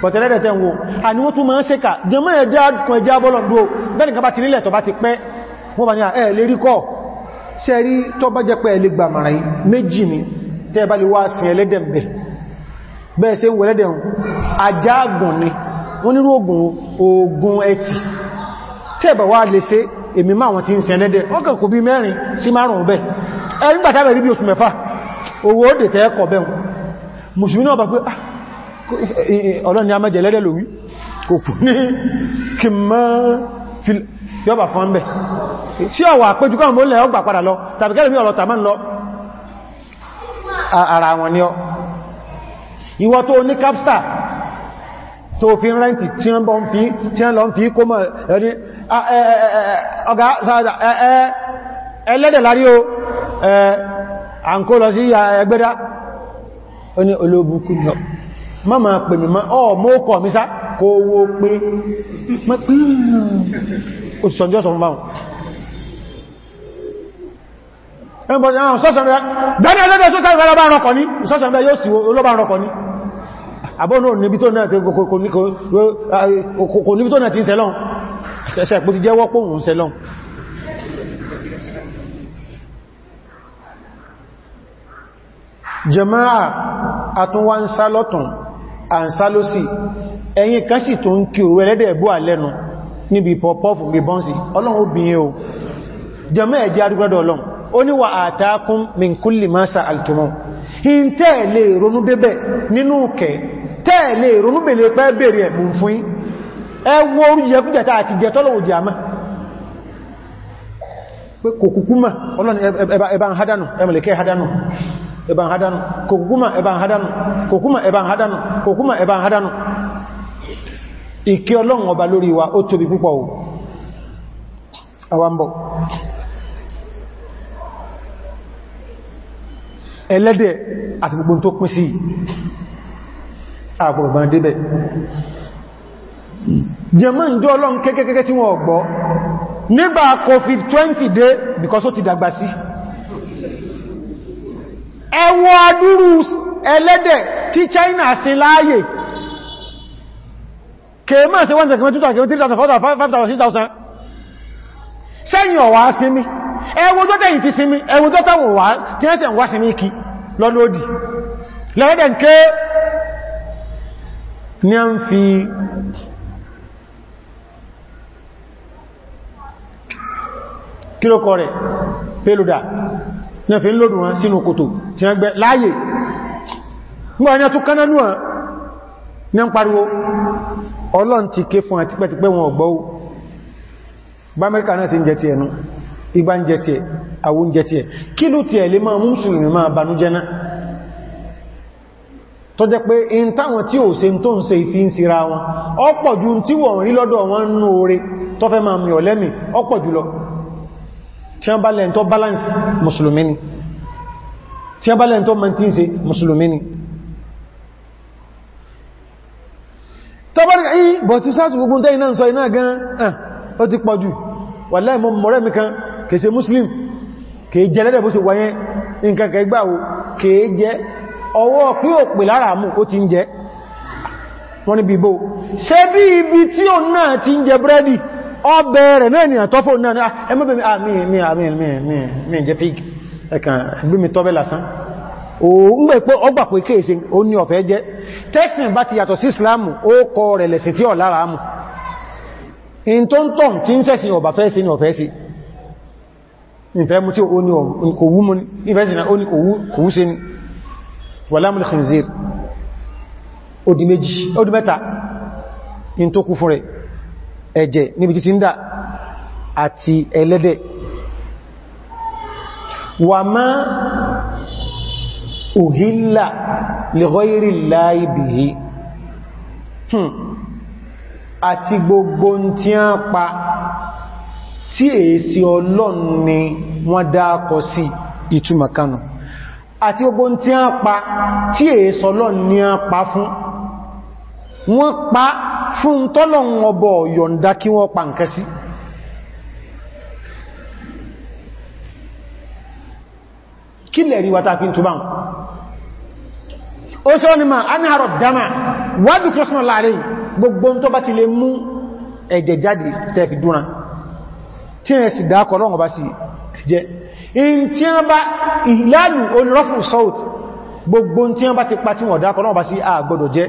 pọ̀tẹ̀lẹ́dẹ̀tẹ̀ wo a ni wọ́n tún máa ń ṣe kà jẹmọ́ ẹ̀dẹ́ kan ẹjá bọ́lọ̀ dúó bẹ́nìkan bá ti nílẹ̀ tó bá ti pẹ́ wọ́n bá ní ẹ̀ ni tẹ́ bá lè wá sin ẹlẹ́dẹ̀ bẹ̀ bẹ́ẹ̀ ṣe ń wẹ̀lẹ́dẹ̀ ajágùn ni wọ́n nírú ogun ogun èmì máa wọn ti ń sẹ́lẹ́dẹ̀ ọkàn kò bí mẹ́rin sí márùn-ún bẹ́ ẹgbàtàbẹ̀ rí bí oṣù mẹ́fà owó òdè tẹ́ ẹkọ̀ bẹ́ mùsùlùmí náà bá pé ah, ọlọ́ni amẹ́jẹ̀lẹ́dẹ̀ lórí kò kù ní kí mọ́ yọba fún bẹ́ sí ọwà ni ọ ìwọ tó ní capstar tó fi rẹ́ntì tí wọ́n lọ ń fi kó mọ́ ẹni ọ̀gá sáàdà ẹlẹ́dẹ̀ lárí o à eh, lọ sí eh, ẹgbẹ́dá ó ní olóbukú lọ má ma pè mí má ọ mọ́ kọ̀ mí sá kó owó pé má pé ah, òṣìṣànjọ́ tó náà ń sẹ́lọ́n ṣẹ̀ṣẹ̀ pò ti jẹ́wọ́ pò ń sẹ́lọ́n jama'a àtúnwà ń sá lọ́tún à ń sá lọ́sì ẹ̀yìn kan tó ń kí òwú ẹlẹ́dẹ̀ ẹ̀bú àlẹ́nu níbi pọ̀pọ̀fù bí bọ́nsì ọlọ́run obìnrin o jama'a ẹ̀jẹ́ adúgbọ́dọ̀ ọlọ́run ó ní wà àtàkùn min kulli ma sa'altumu in tẹ́ẹ̀lẹ̀ ronú débẹ̀ nínú kẹ tẹ́ẹ̀lẹ̀ ronú bèèrè pẹ́ bèèrè ẹ̀bùn ẹwọ orújẹkújẹta àti jẹtọ́lọ̀wò jẹ àmá pé kòkùkúmà ọlọ́ni ẹbàn hádánù ẹmìlẹ̀kẹ́ hádánù ẹbàn hádánù kòkùkúmà ẹbàn hádánù kòkùmà ẹbàn hádánù kòkùmà ẹbàn hádánù ìkẹ́ ọlọ́run ọba lórí wa ó tóbi púpọ̀ o àwambọ̀ ẹlẹ́dẹ̀ àti gbogbo tó pín sí àpọ̀rọ̀gbọ̀n débẹ̀ jẹmọ́ ìjọ ọlọ́run kékeré tí wọ́n gbọ́ nígbà covid-20 dé because ó ti dàgbà sí ẹwọ adúrú ẹlẹ́dẹ̀ tí China sin láàyè kèémà sí 1,000 2,000 3,000 4,000 5,000 6,000 sẹ́yìn ọ̀wà sinmi ẹwọ tó tẹ́yìn ti sinmi ẹwọ tó tẹ́wọ̀ wá tí ẹ́sẹ̀ wá sinmi ikí lọ́lọ́dì lẹ́rẹ́dẹ̀ ń ké ní a kí rẹ̀ pélùdà ní fi ń lòdù wọn sínú kòtò tí wọ́n gbẹ́ láàyè nígbà ní àtúkà tó káná ní ń pariwo ọlọ́n ti ké fún àti pẹ́tipẹ́ wọn ọgbọ́ bá amẹ́ríkà náà sí ń jẹ ti ẹnu ń jẹ ti àwọn ti ju tí rí lọ́dọ̀ wọn nú oore tó fẹ́ máa mi ọ̀lẹ́mì tí a bá lẹ́n tó balance musulmi ni tí a bá lẹ́n tó mọ̀ tí ń ṣe musulmi ni tọ́bọ̀rí ayí bọ̀ tí sáàtù gbogbo tẹ́ iná ń sọ iná gan an ah, ó ti pọ̀jù wallahi mọ́ mọ̀rẹ́ mi kan kìí ṣe muslim kìí jẹ lẹ́dẹ̀ bó ṣe wáyé nǹkan kẹ gbáwó kìí jẹ ọwọ́ pí ò pè lára mú ó ti ń jẹ wọ́n ni bíbó ṣe ibi tí ó náà ti ń jẹ búrẹ́dì ọbẹ̀ rẹ̀ náà ni àtọ́fò ah, náà ẹmọ́bẹ̀ ah, mi àmì mi ah, jẹ́ pig ẹ̀kàn gbí mi tọ́bẹ̀ lásán òun gbẹ̀ pé ọgbà pé kéèsì ó ní ọ̀fẹ́ jẹ́ tẹ́sìn bá ti yàtọ̀ sí islamu ó kọ rẹ̀ lẹ̀sìn tí ọ̀lára mù in tó ń tọ́n tí ń sẹ́sìn ọ̀bà fẹ́ sí ní ọ̀fẹ́ sí ìfẹ́ mú tí ó ní kòwú sí ní wàlámùl khinzir ó di in tó kú fún rẹ̀ ẹ̀jẹ̀ níbi títí ń dà àti ẹlẹ́dẹ̀ wà máa òhìlà li ghayri bihi hmm. àti gbogbo tí a pa tí èsì ọlọ́n ni wọ́n dákọ sí ìtùmọ̀kanu àti gbogbo tí a pa tí èsì ọlọ́n a pa fún wọ́n pa fún tọ́lọ̀ ọbọ̀ yọ̀ǹda kí wọ́n pa nǹkan sí kí lẹ̀rí wata fi ń ó sọ ni ma a ní àrọ̀ dama wájú kọsùn láàrin gbogbo tó bá ti lè mú ẹ̀jẹ̀ jáde tẹ́fì dúnra tí ẹ̀ sì dákọ̀ lọ́wọ́ bá sì jẹ́ in tí wọ́n bá ìlànù onírọ́fù sọ́ọ̀tì gbogbo tí wọ́n bá ti pa dákọ̀ lọ́wọ́ bá sì àgbọ́dọ̀ jẹ́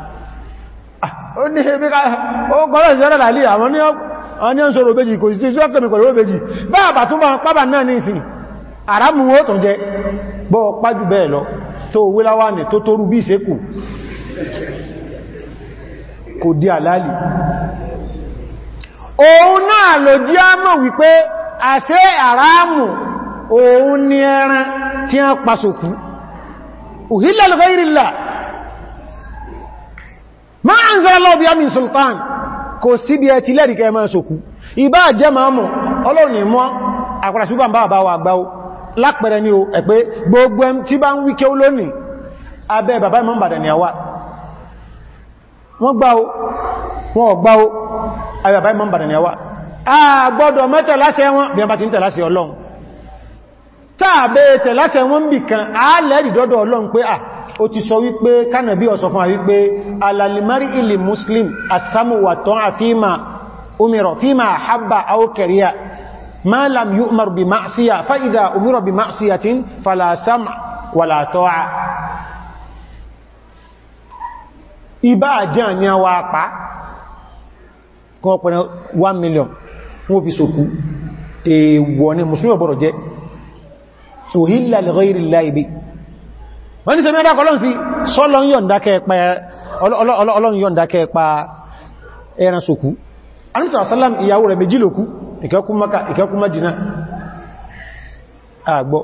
ó ní ibi ká ó gọ́rọ̀ ìṣẹ́rẹ̀ lálẹ́ àwọn ní ọ́nṣọ́ ròbejì kò sí tí ó kẹ́mì pẹ̀lú ròbejì báàbà tó máa pábà náà ní ìsìn àrámù ó tàn jẹ bọ́ pájú bẹ́ẹ̀ lọ tó wíláwà ní tó tó rúbí ìṣẹ́kù kò di àlálì òun náà ló jí á mọ̀ wípé àṣẹ àrámù òun ni ẹran tí a pasòkú òhìlẹ̀ ma ń zẹ́ lọ́bí amin sultan kò sí bí ẹti lẹ́rì kẹ máa sòkú ìbá jẹ́ máa mọ̀ ọlọ́run ni mọ́ àkàrà ṣúgbà bá bá wà gbáwó lápẹẹrẹ ni o ẹ̀pẹ́ gbogbo ẹm tí bá ń wíkẹ́ olónìí abẹ́ bàbá ìmọ̀ bàdà ni àwá wọ́n gbáwó wọ́n gbáwó abẹ́ bàbá ìmọ̀ bàdà ni àwá a gbọ́dọ̀ ó ti sọ wípé kánàbí ó sọ fún àwípé alalimari ilẹ̀ muslim asamuwatọ́ àfíìmà umirọ̀ fíìmà àhábà aókẹ̀ríà ma lam yu'mar bi ma'siya fa idha umira bi ma'siyatin fala sam'a wala ta'a ìbá àjẹ́ àní àwọn apá kan ọ̀pẹ̀rẹ̀ 1 million wọ́n fi sókú èèwọ̀ ni musulmi ọ̀bọ̀rọ̀ jẹ́ so hila lè ghayri láìbí wọ́n ní sẹ́mẹ́dá ọlọ́run sí sọ́lọ́n yọ̀ǹda kẹ́ pa ẹran sókú anúsà sálàm ìyàwó rẹ̀ méjì lókú ìkẹ́kú Mẹ́dínà àgbọ́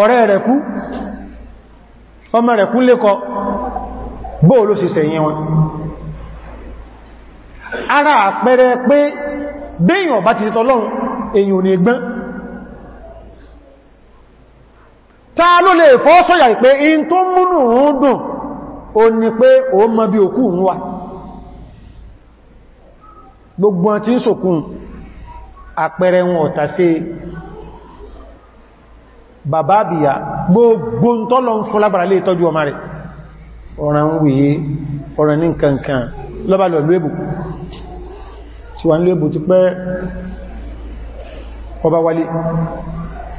ọ̀rẹ́ rẹ̀ ọmọ rẹ̀ kú lékọ bóòló sì sẹ̀yìn wọn ara àpẹẹrẹ pé béèyàn bá ti tọ́lọ́run èyàn ò ní ta ló lè fọ́sọ̀yà pé in tó múnù ń dùn o ní pé o mọ bí òkú ń wà gbogbo tí ń sòkún àpẹẹrẹ wọn ọ̀tà sí bàbá àbìyà gbogbo ń tọ́lọ ń fún lábàrà lè tọ́jú ọmọ rẹ̀ ọ̀ràn ń wèye ọ̀ràn ní nǹkankan lọ́bàlọ̀ lóébù tí wà ń lóébù ti pẹ́ ọba wálé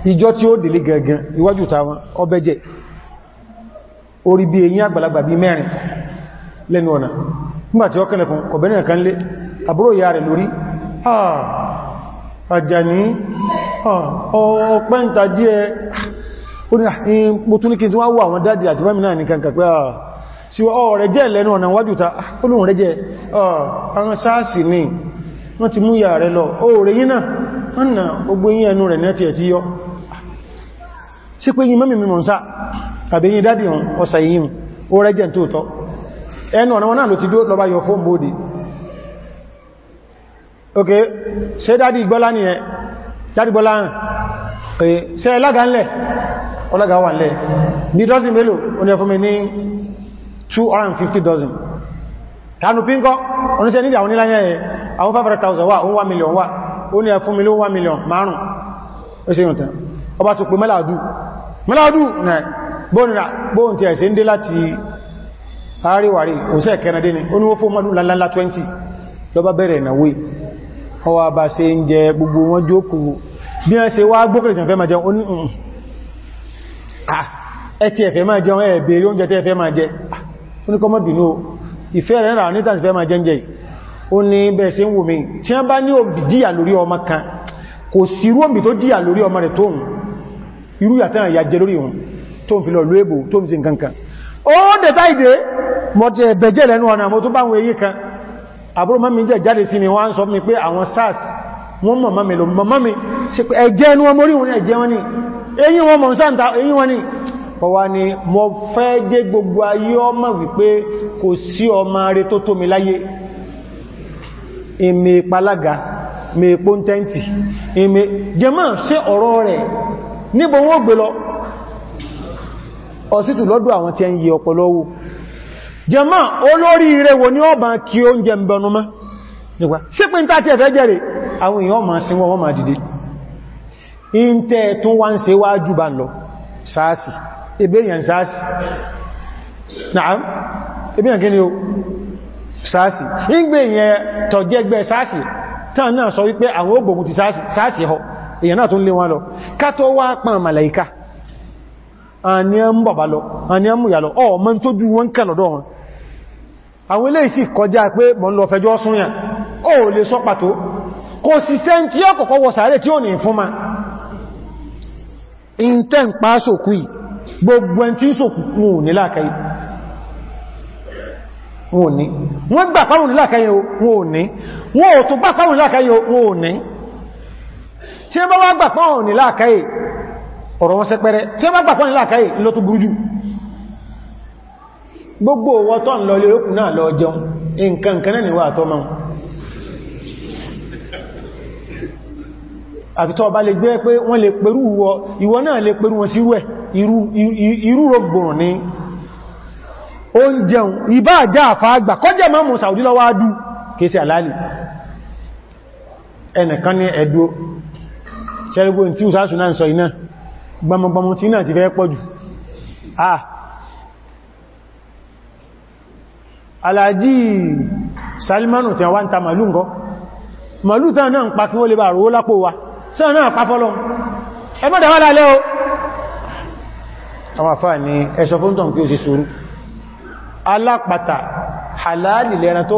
ìjọ tí ó délé gangan iwájú tàwọn ọbẹ́jẹ́ orí bí èyí àgbàlagbà bí mẹ́rin lẹ́nu ọ̀nà nígbàtí ọkẹ́lẹ̀kùn kọ̀bẹ̀rẹ̀ kan lé àbúrò ìyá rẹ̀ lórí àjàní ọ̀pẹ́ntà díẹ̀ mọ̀túnikí tí wọ́n wà wọn dájì àti bá mìíràn nìkan kàpẹ́ sí ọ̀rẹ́ jẹ́ lẹ́nu ọ̀nà wájú ta olóhun rẹ̀ jẹ́ àwọn sáàsì ní wọ́n ti mú ìyà rẹ̀ lọ oòrè yínà ọ̀nà ogbóyìn ẹnu rẹ̀ nẹ́tì ẹ̀ tí yọ sí pé yí mọ́mí mímọ̀ ń sá àbí yí dádì ọ̀sà yíyìn ó rẹ́jẹ̀ tó tọ́ ẹnu ọ̀nà wọn náà ló ti dó lọba yọ fún bóòdì ok ṣe dádì gbọ́lá ní ẹ dádì gbọ́lá hàn pé ṣe ẹlága ńlẹ̀ ọlága wà ńlẹ̀ ní dọ́sìn mélòó ó ní ẹfún mi ní 250 dọ́sìn tánù pínkọ́ oníṣẹ́ nídà àwọn níláyẹ̀ àwọn 500,000 wà 1 million wà ó ní ẹfún mi ló 1 million márùn-ún ó sì yọ̀ntán ọba tó pè mẹ́lá dùn mọ́ládù na bóòn tí ẹ̀ṣẹ́ ń dé láti àríwárí òṣẹ́ kẹnàdé ni ó ní ó fún mọ́lú lálálá 20 lọ bá bẹ̀rẹ̀ ìnáwó ọwà bá ṣe ń jẹ gbogbo wọn jókòó bí wọ́n ṣe wá gbókèrè tẹ̀fẹ́ máa jẹun ẹ̀tì ah, ẹ̀fẹ́ máa jẹun ẹ̀bẹ̀rẹ̀ oúnjẹ tẹ́ ẹ̀fẹ́ máa jẹ oníkọmọ́bìnú ah, ìfẹ́ rẹ̀ rà ní tàbí fẹ́ ń irú yàtàn ya jẹ lórí wọn tó ń fi lọ lóébò tó ń ṣe nǹkankan ó dẹ̀ta ìdè mọ̀ jẹ bẹ̀jẹ̀ lẹ́nu ọ̀nà mo tó bá wọn èyí kan àbúrò mami jẹ́ jáde sí mi wọ́n ń sọ mi pé àwọn sars wọ́n mọ̀ mami lọ mọ̀ mami sí pé ẹ̀jẹ̀ ẹnu wọn mórí wọn ẹ̀jẹ̀ wọn ni eyín wọn mọ̀ ń sáǹta eyín wọn ni ọwá ni mo fẹ́ gé gbogbo ayé ọmọ níbo wọ́n lọ ọ̀sítù lọ́dọ̀ àwọn tí ẹ ń yí ọpọlọ́wọ́ jẹma olórí ire wo ní ọba kí o ń bẹnu má nípa sí tàti ẹ̀fẹ́ jẹ́rẹ̀ àwọn èèyàn ma sí wọn ma dìde in tẹ́ tó wá ń se wá jù bá lọ sáàsì ebéyàn sáàsì ebéyàn o sáàsì sáàsì họ èèyàn náà lọ kátó wá pàn màláìká àní ń bọ̀bá lọ ọ ń múyà lọ ọ̀ mọ́ tó ju wọn kàn lọ́dọ̀ wọn àwọn ilé ìsì kọjá pé mọ́ lọ fẹjọ́ súnyà ó lè sọ pàtó kò sì sẹ́ tí ó wọ sàárè tí ó ní fún ma gbogbo ntị nsogbu tí wọ́n bá gbàpọ̀ ní láàkáyè ọ̀rọ̀ wọn sẹpẹrẹ tí wọ́n bá gbàpọ̀ ní láàkáyè ló tó burú jù gbogbo owó tó ń lọ ilé okùn náà lọ jẹun nǹkan nǹkan náà níwà àtọ́ máa àtútọ́ ọba lè gbé pé wọ́n lè pẹ̀rú ìwọ náà lè pẹ̀rú wọn sí rẹ̀ irú rọgbọ̀n ní oúnjẹun ìbá àjá àfáàgbà kọjẹ́ máa mú Saudi lọ́wọ́ adú kèsì àlálì ẹnìkan ní ẹ̀dùn ṣẹ́rẹ́gbó tí ó sáàsù náà sọ iná gbọmọgbọmọ tí náà ti fẹ́ pọ̀jù ah alájí salmanu tí wá ń ta màlú ńkọ́ màlú tán náà ń pa kí ó lè bá rówó lápò wa sẹ́rẹ̀ náà pa fọ́lọ́ alápàtà halali lẹ́ran tó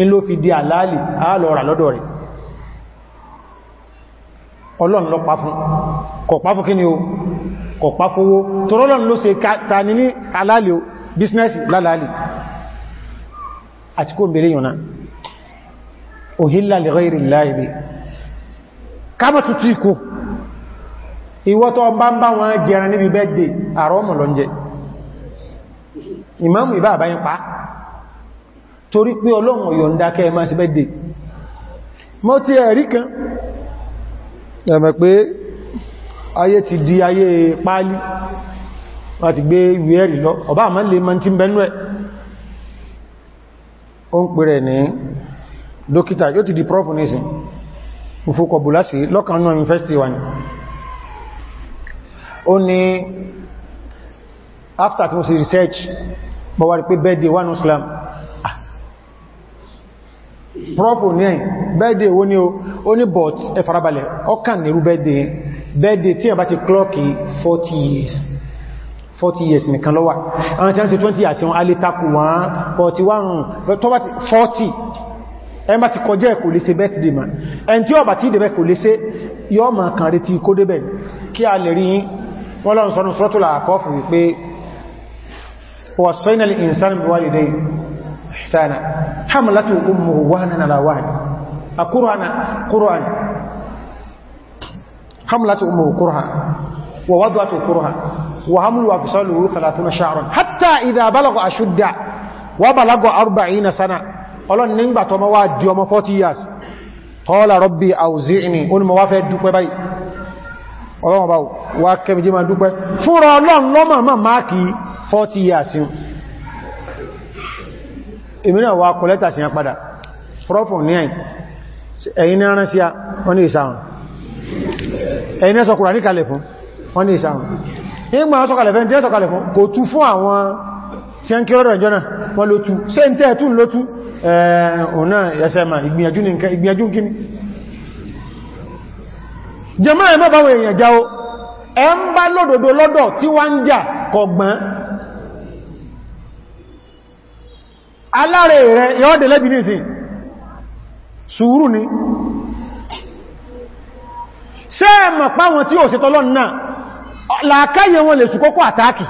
in ló fi di àlàálì àálọ́ra lọ́dọ̀ rẹ̀ ọlọ́run lọ pa fún kò pa fún kí ni o kò pa fówó torọ́lọ́run ló ṣe ta ní ní àlàálì o bísínẹ́sì lálàálì àti kó bèèrè yọ̀nà òhìlà li ghayri llahi bi torí pé ọlọ́run yọ̀ǹda kẹ́ máa ṣe bẹ́dẹ̀ mọ́ ti ẹ̀rí kan ẹ̀mẹ̀ pé ayé ti di ayé páálí wọ́n ti gbé ìwé lọ ọba àmá lè máa ti bẹ́nú ẹ̀ ó ń pèrè ní dókítà yóò ti di prọ́fù nísìn ìfòkọ̀bù lásì lọ́kànnú university wa after tí research mo wá rí pé bẹ́ẹ̀dẹ̀ wánú islam prọ́pù ní ẹ̀yìn bẹ́ẹ̀dẹ̀ wo ní o ní bọ̀t ẹfarabalẹ̀ ọkàn nírú bẹ́ẹ̀dẹ̀ bẹ́ẹ̀dẹ̀ tí a bá ti klọ́kì 40 years 40 years nìkan lọ́wà àwọn tí a ń ṣe 20 years wọn alẹ́takù wọn 41 tó bá ti 40 ẹn bá ti kọjẹ́ ẹ̀kò lè ṣe bẹ́ẹ̀tìdì ma ẹn tí ó bá ti dẹ̀bẹ̀ kò lè ṣe yọ́ ma kàn rí ti kó débẹ̀ kí a lè rí wọ́n lọ́nà sọ́nà sọ́tùlà àkọ́fù wípé wọ́n sọ́nà ìsànbíwálìdẹ́ إحسانا حملته أمه وهنا على وهن قرآن قرآن حملة أمه كرها ووضعته كرها وهمل وفصله ثلاثون شعرا حتى إذا بلغ أشد وبلغ أربعين سنة قال ننبع تمواد يوم فوتياس قال ربي أوزعني قل موافق الدكوة بي قال báwọ̀ wà kẹ́mìdí máa dúpẹ́ fúnra ọlọ́run lọ́mọ̀ máa máa kìí 40 years ìmìnà wa kọ lẹ́tà sí padà prọ́fọ̀ ní ẹ̀yìn ní rán sí a wọ́n ní ìsáhùn ẹ̀yìn ní sọkùnrà ní kalẹ̀ fún wọ́n ní ìsáhùn nígbà sọkàlẹ̀ fẹ́ tí ẹ sọkàlẹ̀ fún kò tú fún àwọn tí a ń kí ọ̀rọ̀ ìjọ́nà wọ́n ló tú ṣe ń tẹ́ ẹ̀tún ló tú ọ̀nà ma ìgbìyànjú ní nǹkan ìgbìyànjú kí ní jẹmọ́ ẹ̀mọ́ báwọn èèyàn aláre rẹ̀ yọ́dẹ̀ lẹ́bì ní ìsìn sùúrù ni ṣe mọ̀ páwọn tí ò sí tọ́lọ́n náà làkáyẹ wọn lè sùkókò àtàkì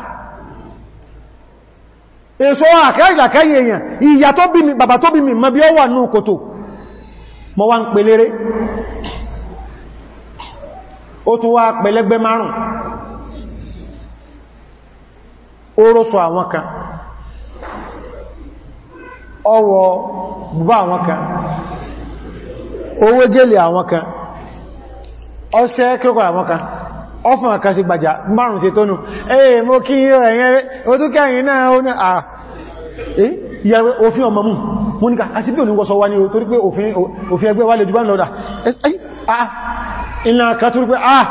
èso àkáyẹ làkáyẹ èèyàn ìyà tó bí mi bàbá tó bí mi mọ́ bí ó wà ní kòtò mọ́ wá ń pèléré ó tún wá pẹ̀lẹ́gbẹ́ márùn-ún ọwọ́ bùbá àwọn kan owó gẹ́lẹ̀ àwọn kan ọṣẹ́ kíkọ́ àwọn kan ọfún àkàṣì gbàjà márùn sí tónú ẹ̀yẹ mọ́ kí ẹ̀yẹn otókẹ́yìn náà ó ní à ìyàwó òfin ọmọ mú mú ní bí wá ní torí pé òfin ẹgbẹ́ wà lè lọ́dà ìlànà kan torí pé ah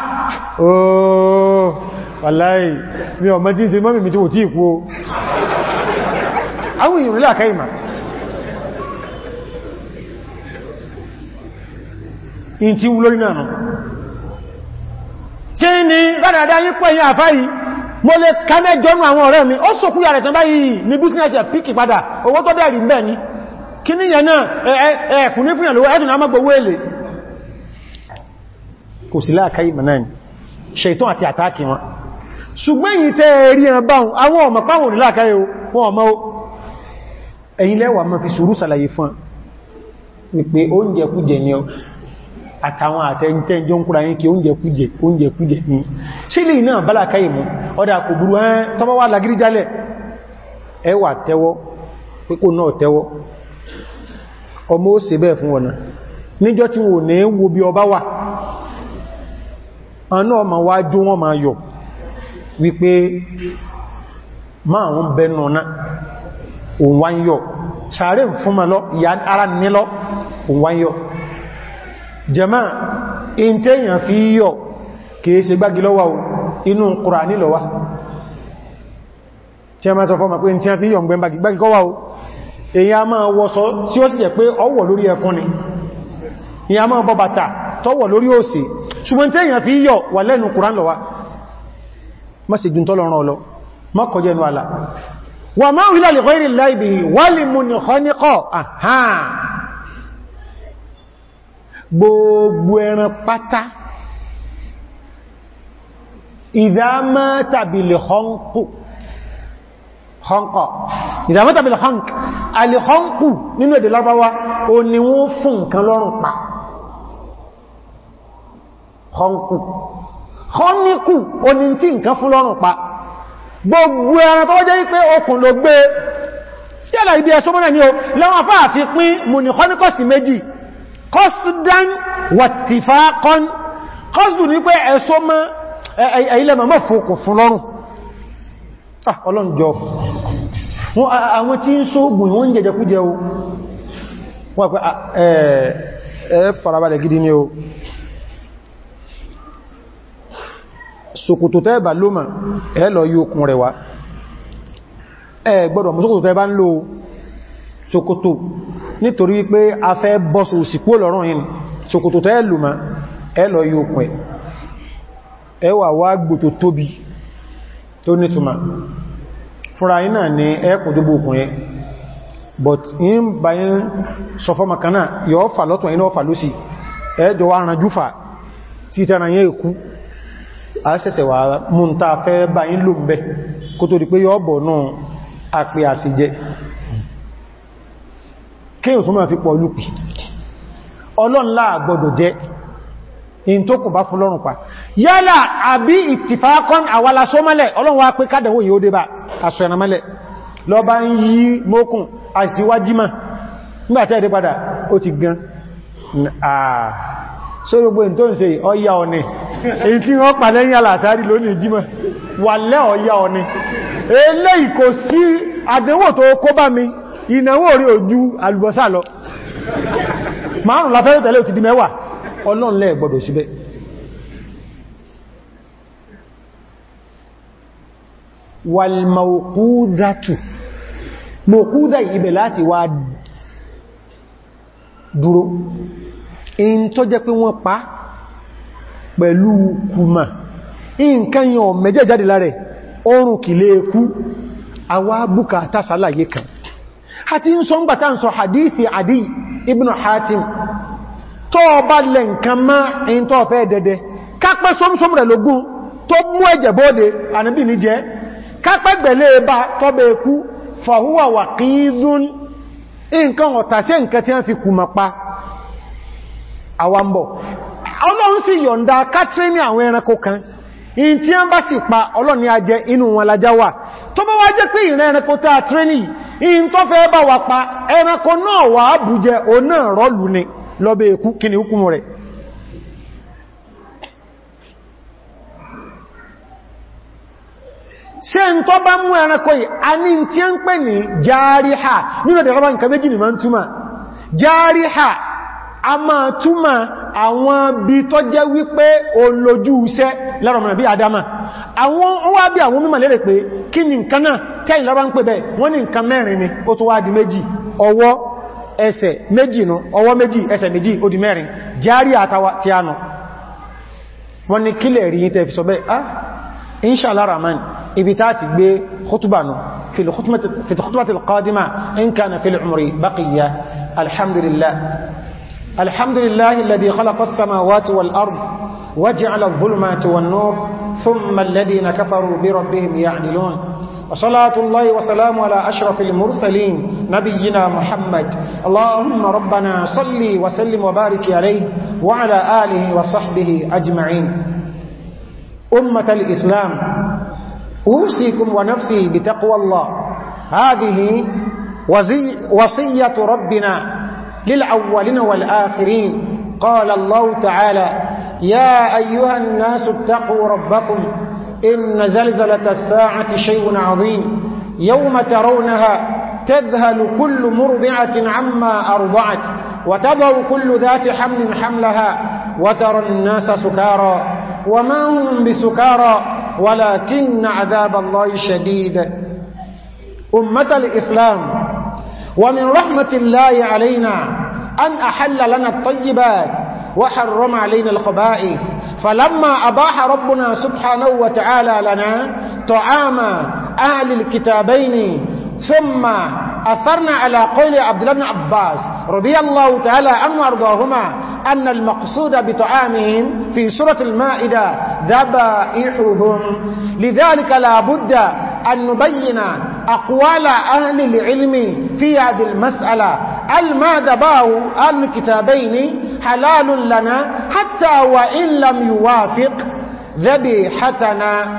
ooo wàláì in ti wúlórí náà kí ni rádàdá yí pẹ̀yìn àfá yìí mo lè ká mẹ́jọ nù àwọn ọ̀rẹ́ mi ó sòkú yà rẹ̀ tán báyìí ní bísínẹ̀sì e píkì padà owó tó dẹ̀rì ń bẹ̀ ní kí ní yẹn náà ẹ̀ẹ̀kùn e, e, ní fúnyàn lówó ẹ̀dùn àmọ́ gbogbo èlé kò sí láàká ìmọ̀nà ni ṣètò àti àtàkì wọn ṣùgbọ́n yìí tẹ́ rí ẹran báhùn àwọn ọmọ páwọn fún wípé oúnjẹ àtàwọn àtẹ́ntẹ́ jọ ń kúra yín kí oúnjẹ kújẹ oúnjẹ kújẹ ní sílì náà bálàká ọdá kò burú ẹn tọ́bọ́ wà jálẹ̀ ẹwà tẹ́wọ́ pípò náà tẹ́wọ́ ọmọ ó bẹ́ẹ̀ fún wọn ọba wà ọ̀nà òun jama in tẹ́yàn fi yọ kìí ṣe gbági lọ́wà o inú Kùránì lọ́wà tí a máa sọ fọ́mà pé in tí a fi yọ gbẹ́ gbági kọ́wà o èyàn máa wọ́sọ tí ó sì jẹ́ pé ọwọ̀ lórí ẹkùn ni èyàn máa bọ́ bàtà tọwọ̀ lórí òsì ṣùgbọ́n tẹ́yàn fi yọ wà lẹ́nu Kùránì lọ́wà má sì gbìn tọ́lọ̀rán ọlọ má kọjẹ́ ẹnu àlà wà máa wílà lè kọ́ ìrìnlá ibìhì wà lè mú nìkan níkọ̀ àhán gbogbo ẹran pátá ìdámá tàbí lè họ́nkù họ́nkọ̀ ìdámá tàbí lè họ́nk alè họ́nkù nínú èdè lọ́rọ̀wá o ni wọ́n fún nǹkan lọ́rùn pa họ́nkù họ́níkù o ni tí nǹkan fún lọ́rùn pa gbogbo ẹran tó wọ́jẹ́ wípé okùn ló gbé yálà ibi ẹ̀ṣọ́mọ́nà ni o lọ́wọ́n fáà fi pín mùnìkọ́níkọ́sì méjì qasdan wattifaqan qasdu ní pé ẹ̀ṣọ́ mọ́ ẹ̀ilẹ̀ mọ́ fòkò fún lọ́rùn ah, ọlọ́njọ́ àwọn tí ń sóògùn wọ́n jẹjẹ kú jẹ o wọ́n pẹ́ ẹ farabalẹ̀ gidi ni o ṣòkòtò tẹ́ẹ̀bà ló mà ẹ lọ yí okùn rẹ̀ wá ń lo ṣòkòtò nítorí wípé a fẹ́ bọ́sù òsìkú lọ́rùn yìí elu tẹ́ lùmá ẹlọ yóò pẹ̀ ẹwà wá gbòtò tóbi tó nítùmá fúnra iná ní ẹkùn òkun but in bayan sọfọ́ makana yóò fà lọ́tún iná fà lọ́sì ẹjọ wá ràn júfà bayan kéyàn tó máa fi pọ̀ lúpì ọlọ́nlá gbọdọ̀ jẹ́ in tó kùn bá fún lọ́rùn pa yálà àbí ìtìfàákọ́n àwàlásó mẹ́lẹ̀ ọlọ́run pé kádẹ̀wò yìí dé bá aṣọ lọ bá ń yí mókùn àṣìwájímà nígbàtẹ́ èdè so ìnáwó orí ojú alùbọ́sà lọ ma látàrí tẹ̀lé ò ti di mẹ́wàá ọlọ́nlẹ̀ gbọdọ̀ síbẹ̀ walmọ̀kúdátù mọ̀kúdá ibẹ̀ láti wá dúró in tó jẹ́ pé wọ́n pa pẹ̀lú kùmà nǹkan yàn mẹ́jẹ̀ jáde lára ọrùn kìlé ekú àwa bùkátà sálàyé kan ha ti ń sọ ń hadithi Adi ibn Hatim to bá lẹ nǹkan ma in tó fẹ́ dẹ̀dẹ̀ kápẹ́ sọmsọm rẹ̀ lógún tó mú ẹ̀jẹ̀ bóde ànábì ní jẹ́ kápẹ́ gbẹ̀lẹ́ e bá tó bẹ kú fàhúwà wà in tí a ń bá sì pa ọlọ́ni ajẹ inú wọn lájá wa tó bá wá jẹ́ pé ìrìn ẹranko tàà tírẹ́nì in wà pa ẹranko náà wà ábùjẹ o náà rọ́lù ni lọ́bẹ̀ ikú n ẹranko a ní tí a ni a máa túmọ̀ àwọn bí tó jẹ́ wípé olójú iṣẹ́ lárọ̀mọ̀nà bí adama àwọn wá bí àwọn mímọ̀ lérè pé kí ni nǹkan náà tẹ́yìn lọ́rọ̀ ń pè bẹ́ wọ́n ní nǹkan mẹ́rin ni ó tó wá di méjì ọwọ́ ẹsẹ̀ méjì nù ọwọ́ méjì ẹsẹ̀ méjì ó di mẹ́rin járí àtàwà في الخطبة القادمة إن كان في العمر بقية الحمد لله الحمد لله الذي خلق السماوات والأرض وجعل الظلمات والنور ثم الذين كفروا بربهم يعدلون وصلاة الله وسلام على أشرف المرسلين نبينا محمد اللهم ربنا صلي وسلم وبارك عليه وعلى آله وصحبه أجمعين أمة الإسلام أوصيكم ونفسي بتقوى الله هذه وصية ربنا للأولين والآخرين قال الله تعالى يا أيها الناس اتقوا ربكم إن زلزلة الساعة شيء عظيم يوم ترونها تذهل كل مرضعة عما أرضعت وتضع كل ذات حمل حملها وترى الناس سكارى وما هم بسكارى ولكن عذاب الله شديد أمة الإسلام ومن رحمة الله علينا أن أحل لنا الطيبات وحرم علينا الخبائث فلما أباح ربنا سبحانه وتعالى لنا طعام أهل الكتابين ثم أثرنا على قول عبد الله بن عباس رضي الله تعالى عنه وأرضاهما أن المقصود بطعامهم في سورة المائدة ذبائحهم لذلك لا بد أن نبين أقوال أهل العلم في هذه المسألة ما ذباه أهل الكتابين حلال لنا حتى وإن لم يوافق ذبيحتنا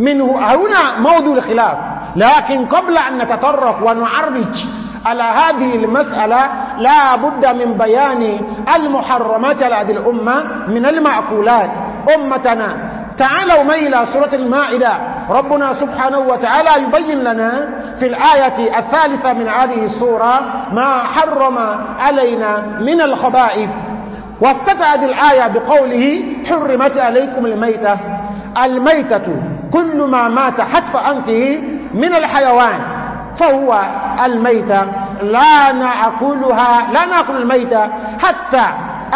منه هنا موضوع الخلاف لكن قبل أن نتطرق ونعرج على هذه المسألة لا بد من بيان المحرمات لهذه الأمة من المعقولات أمتنا تعالوا معي إلى سورة المائدة ربنا سبحانه وتعالى يبين لنا في الآية الثالثة من هذه السورة ما حرم علينا من الخبائث هذه الآية بقوله حرمت عليكم الميتة الميتة كل ما مات حتف أنفه من الحيوان فهو الميتة لا نأكلها لا نأكل الميتة حتى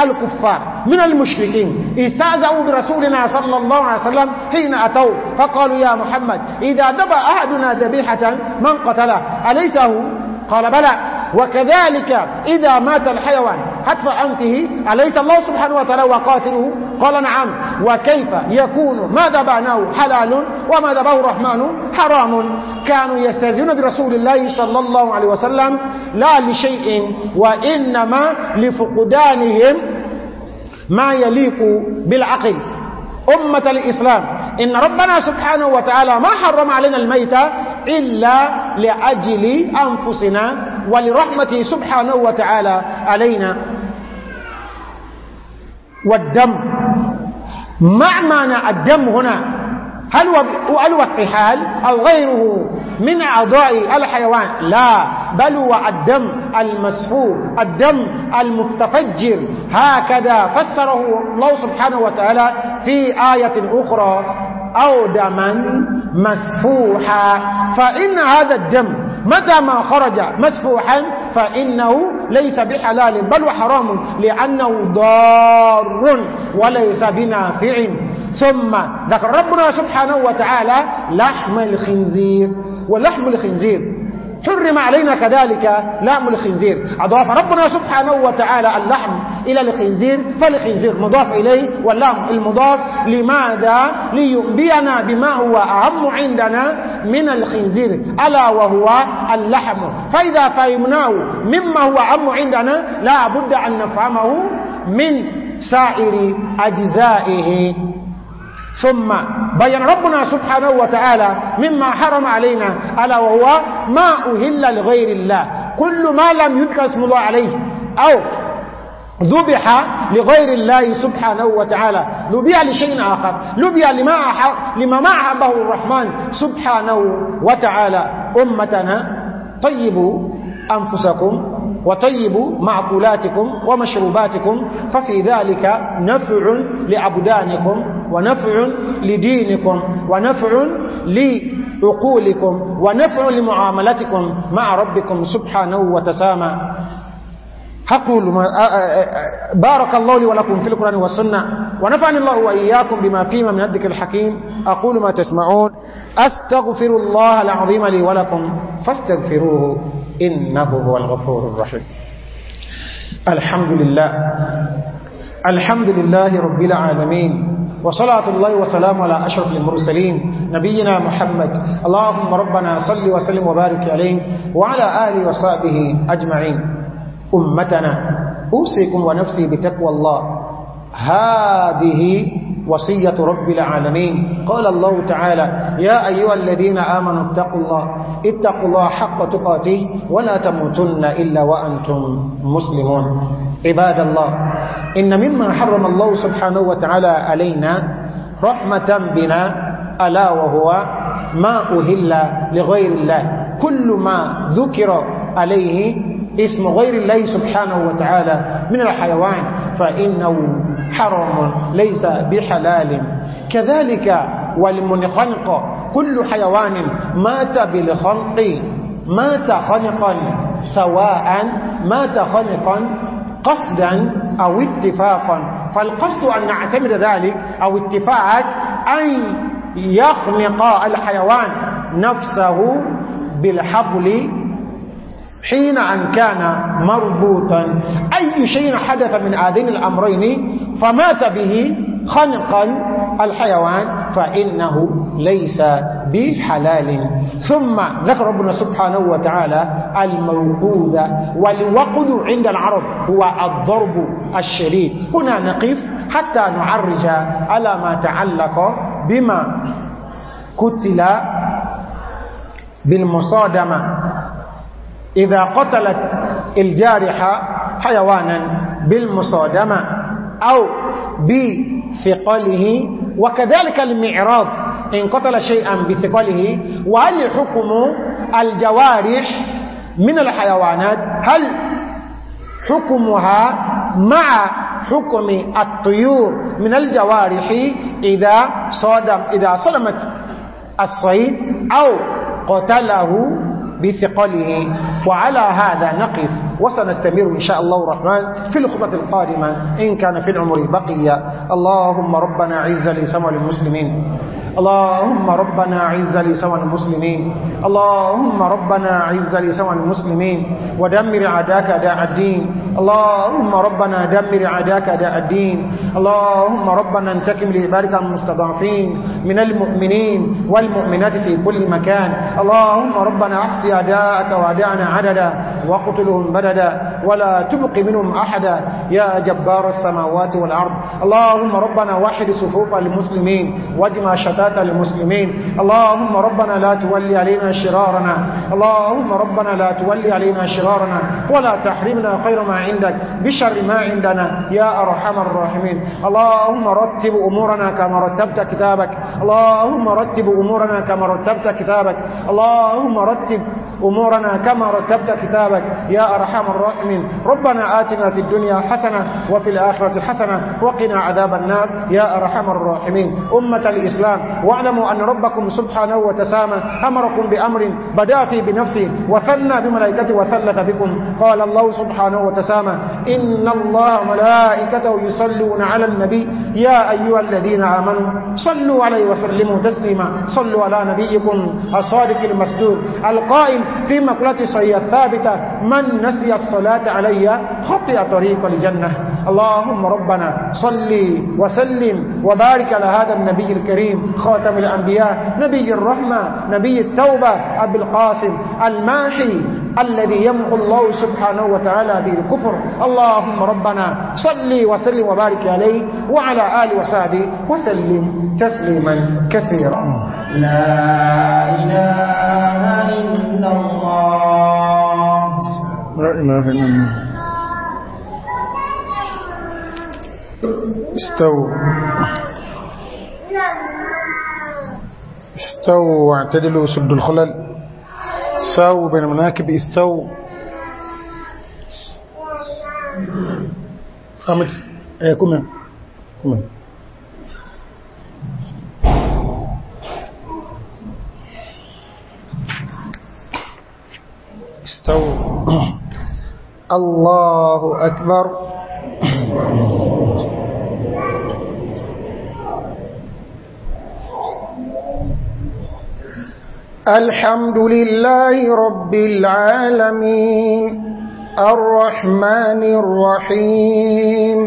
الكفار من المشركين استأذوا برسولنا صلى الله عليه وسلم حين أتوا فقالوا يا محمد إذا دب أحدنا ذبيحة من قتله أليس هو؟ قال بلى وكذلك إذا مات الحيوان حتف أنفه أليس الله سبحانه وتعالى وقاتله قال نعم وكيف يكون ما ذبعناه حلال وما ذبه الرحمن حرام كانوا يستهزئون برسول الله صلى الله عليه وسلم لا لشيء وإنما لفقدانهم ما يليق بالعقل أمة الإسلام إن ربنا سبحانه وتعالى ما حرم علينا الميت إلا لأجل أنفسنا ولرحمته سبحانه وتعالى علينا والدم مع معنى الدم هنا هل هو الطحال أو غيره من أعضاء الحيوان لا بل هو الدم المسفور الدم المفتفجر هكذا فسره الله سبحانه وتعالى في آية أخرى أو دما مسفوحا فإن هذا الدم متى ما خرج مسفوحا فإنه ليس بحلال بل وحرام لأنه ضار وليس بنافع ثم ذكر ربنا سبحانه وتعالى لحم الخنزير ولحم الخنزير حرم علينا كذلك لحم الخنزير أضاف ربنا سبحانه وتعالى اللحم إلى الخنزير فالخنزير مضاف إليه واللحم المضاف لماذا لينبينا بما هو أهم عندنا من الخنزير ألا وهو اللحم فإذا فهمناه مما هو أهم عندنا لا بد أن نفهمه من سائر أجزائه ثم بين ربنا سبحانه وتعالى مما حرم علينا ألا وهو ما أهل لغير الله كل ما لم يذكر اسم الله عليه أو ذبح لغير الله سبحانه وتعالى ذبح لشيء آخر ذبح لما, لما ما عبه الرحمن سبحانه وتعالى أمتنا طيبوا أنفسكم وطيبوا معقولاتكم ومشروباتكم ففي ذلك نفع لعبدانكم ونفع لدينكم ونفع لعقولكم ونفع لمعاملتكم مع ربكم سبحانه وتسامى أقول ما بارك الله لي ولكم في القرآن والسنة ونفعني الله وإياكم بما فيما من الذكر الحكيم أقول ما تسمعون أستغفر الله العظيم لي ولكم فاستغفروه إنه هو الغفور الرحيم الحمد لله الحمد لله رب العالمين وصلاة الله وسلام على أشرف المرسلين نبينا محمد اللهم ربنا صل وسلم وبارك عليه وعلى آله وصحبه أجمعين أمتنا أوصيكم ونفسي بتقوى الله هذه وصية رب العالمين قال الله تعالى يا أيها الذين آمنوا اتقوا الله اتقوا الله حق تقاته ولا تموتن إلا وأنتم مسلمون عباد الله إن مما حرم الله سبحانه وتعالى علينا رحمة بنا ألا وهو ما أهل لغير الله كل ما ذكر عليه اسم غير الله سبحانه وتعالى من الحيوان فإنه حرم ليس بحلال كذلك والمنخنق كل حيوان مات بالخنق مات خنقا سواء مات خنقا قصدا أو اتفاقا فالقصد أن نعتمد ذلك أو اتفاقا أن يخنق الحيوان نفسه بالحبل حين أن كان مربوطا أي شيء حدث من هذين الأمرين فمات به خنقا الحيوان فإنه ليس بحلال ثم ذكر ربنا سبحانه وتعالى الموقوذ والوقذ عند العرب هو الضرب الشديد هنا نقف حتى نعرج على ما تعلق بما قتل بالمصادمة إذا قتلت الجارحة حيوانا بالمصادمة أو بثقله وكذلك المعراض إن قتل شيئا بثقله وهل حكم الجوارح من الحيوانات هل حكمها مع حكم الطيور من الجوارح إذا صدم إذا صدمت الصيد أو قتله بثقله وعلى هذا نقف وسنستمر إن شاء الله الرحمن في الخطة القادمة إن كان في العمر بقية اللهم ربنا عز لسمع المسلمين اللهم ربنا عز لسوى المسلمين اللهم ربنا عز لسوى المسلمين ودمر عداك داع الدين اللهم ربنا دمر عداك داع الدين اللهم ربنا انتكم لعبادك المستضعفين من المؤمنين والمؤمنات في كل مكان اللهم ربنا احصي اعداءك واعداءنا عددا واقتلهم بددا ولا تبق منهم أحدا يا جبار السماوات والأرض اللهم ربنا وحد صفوف المسلمين واجمع شكرا وشتات المسلمين اللهم ربنا لا تولي علينا شرارنا اللهم ربنا لا تولي علينا شرارنا ولا تحرمنا خير ما عندك بشر ما عندنا يا أرحم الراحمين اللهم رتب أمورنا كما رتبت كتابك اللهم رتب أمورنا كما رتبت كتابك اللهم رتب أمورنا كما رتبت كتابك يا أرحم الراحمين ربنا آتنا في الدنيا حسنة وفي الآخرة حسنة وقنا عذاب النار يا أرحم الراحمين أمة الإسلام واعلموا أن ربكم سبحانه وتسامى أمركم بأمر بدأ فيه بنفسه وثنى بملائكته وثلث بكم قال الله سبحانه وتسامى إن الله ملائكته يصلون على النبي يا أيها الذين آمنوا صلوا عليه وسلموا تسليما صلوا على نبيكم الصادق المسدود القائم في مقلة صحية ثابتة من نسي الصلاة علي خطئ طريق الجنة اللهم ربنا صلي وسلم وبارك على هذا النبي الكريم خاتم الأنبياء نبي الرحمة نبي التوبة أبي القاسم الماحي الذي يمحو الله سبحانه وتعالى به الكفر اللهم ربنا صلي وسلم وبارك عليه وعلى آله وصحبه وسلم تسليما كثيرا لا إله إلا الله لا إله إلا الله استووا استووا واعتدلوا سد الخلل ساو بين المناكب استو قامت ايه كمان كمان استو الله أكبر الحمد لله رب العالمين الرحمن الرحيم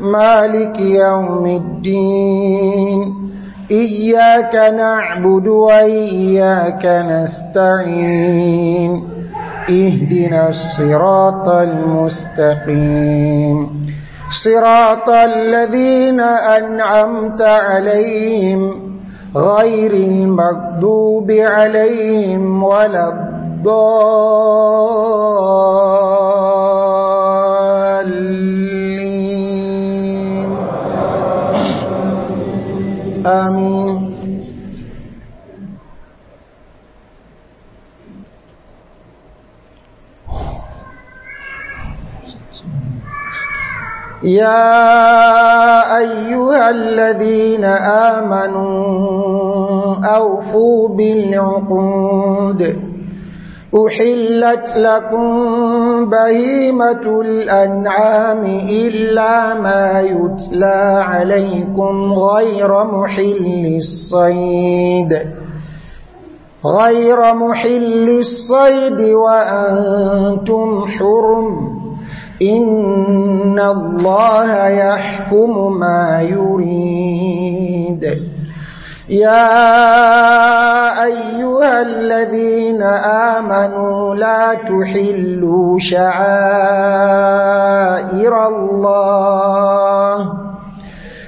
مالك يوم الدين إياك نعبد وإياك نستعين اهدنا الصراط المستقيم صراط الذين أنعمت عليهم غير المكذوب عليهم ولا الضالين آمين يا أيها الذين آمنوا أوفوا بالعقود أحلت لكم بهيمة الأنعام إلا ما يتلى عليكم غير محل الصيد غير محل الصيد وأنتم حرم إن الله يحكم ما يريد يا أيها الذين آمنوا لا تحلوا شعائر الله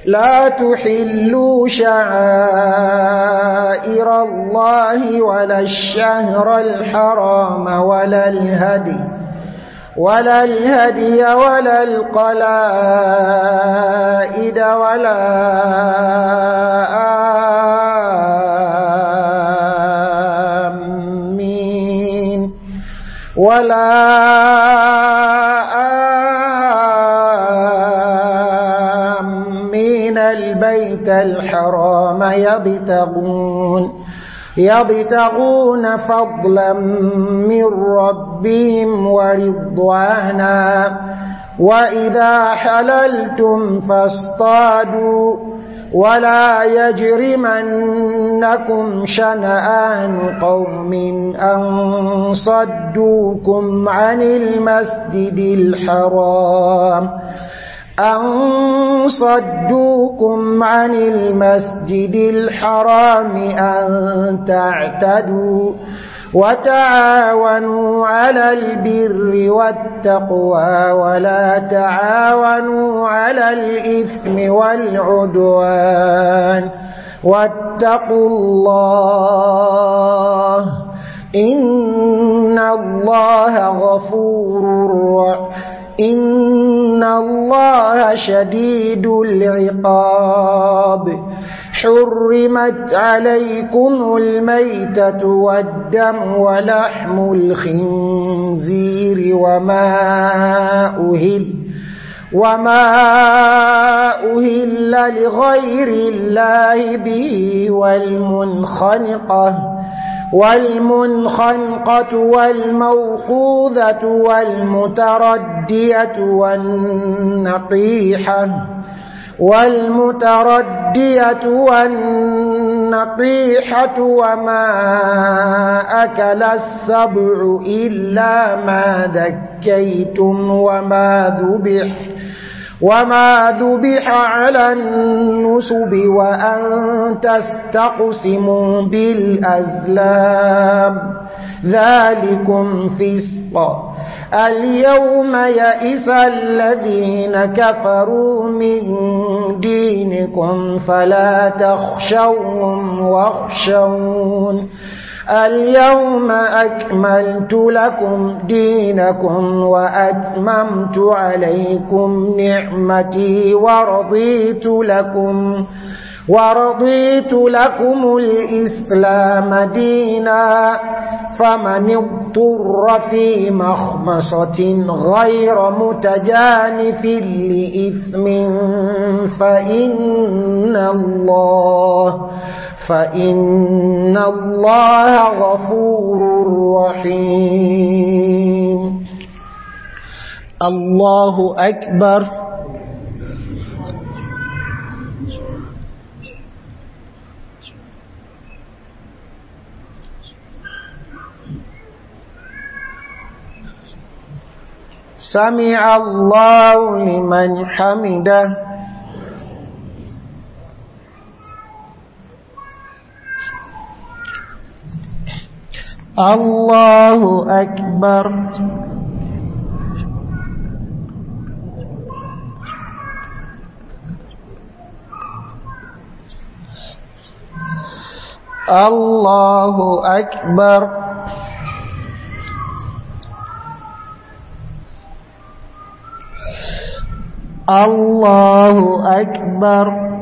لا تحلوا شعائر الله ولا الشهر الحرام ولا الهدي ولا الهدي ولا القلائد ولا آمين ولا آمين البيت الحرام يبتغون يبتغون فضلا من ربهم ورضوانا وإذا حللتم فاصطادوا ولا يجرمنكم شنآن قوم أن صدوكم عن المسجد الحرام أن صدوكم عن المسجد الحرام أن تعتدوا وتعاونوا على البر والتقوى ولا تعاونوا على الإثم والعدوان واتقوا الله إن الله غفور إن إن الله شديد العقاب حرمت عليكم الميتة والدم ولحم الخنزير وما أهل وما أهل لغير الله به والمنخنقة والمنخنقة والموقوذة والمتردية والنقيحة والمتردية والنقيحة وما أكل السبع إلا ما ذكيتم وما ذبح وما ذبح على النسب وأن تستقسموا بالأزلام ذلكم فسق اليوم يئس الذين كفروا من دينكم فلا تخشوهم واخشون اليوم أكملت لكم دينكم وأتممت عليكم نعمتي ورضيت لكم ورضيت لكم الإسلام دينا فمن اضطر في مخمصة غير متجانف لإثم فإن الله فإن الله غفور رحيم الله أكبر سمع الله لمن حمده Allahu Akbar Allahu Akbar Allahu Akbar, Allahu Akbar.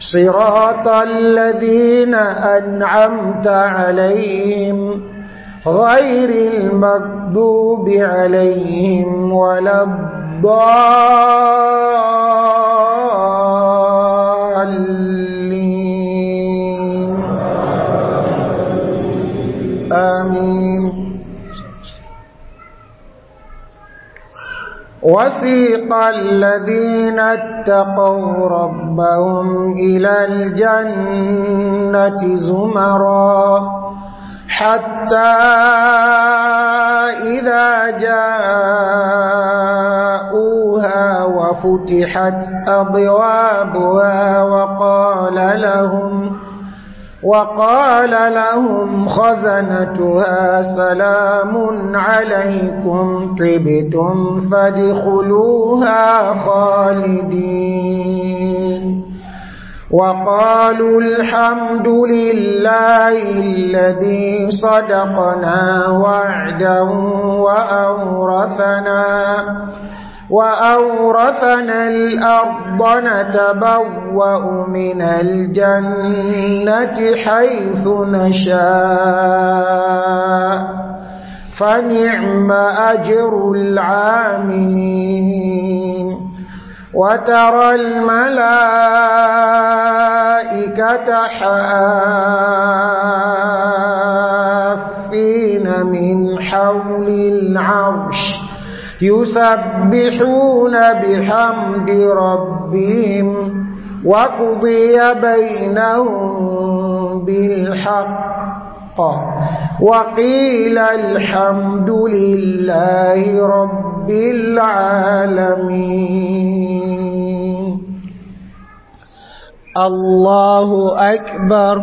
صراط الذين أنعمت عليهم غير المكذوب عليهم ولا الضال وسيق الذين اتقوا ربهم إلى الجنة زمرا حتى إذا جاءوها وفتحت أبوابها وقال لهم وقال لهم خزنتها سلام عليكم طبتم فادخلوها خالدين وقالوا الحمد لله الذي صدقنا وعدا وأورثنا وأورثنا الأرض نتبوأ من الجنة حيث نشاء فنعم أجر العاملين وترى الملائكة حافين من حول العرش يسبحون بحمد ربهم وقضي بينهم بالحق وقيل الحمد لله رب العالمين الله أكبر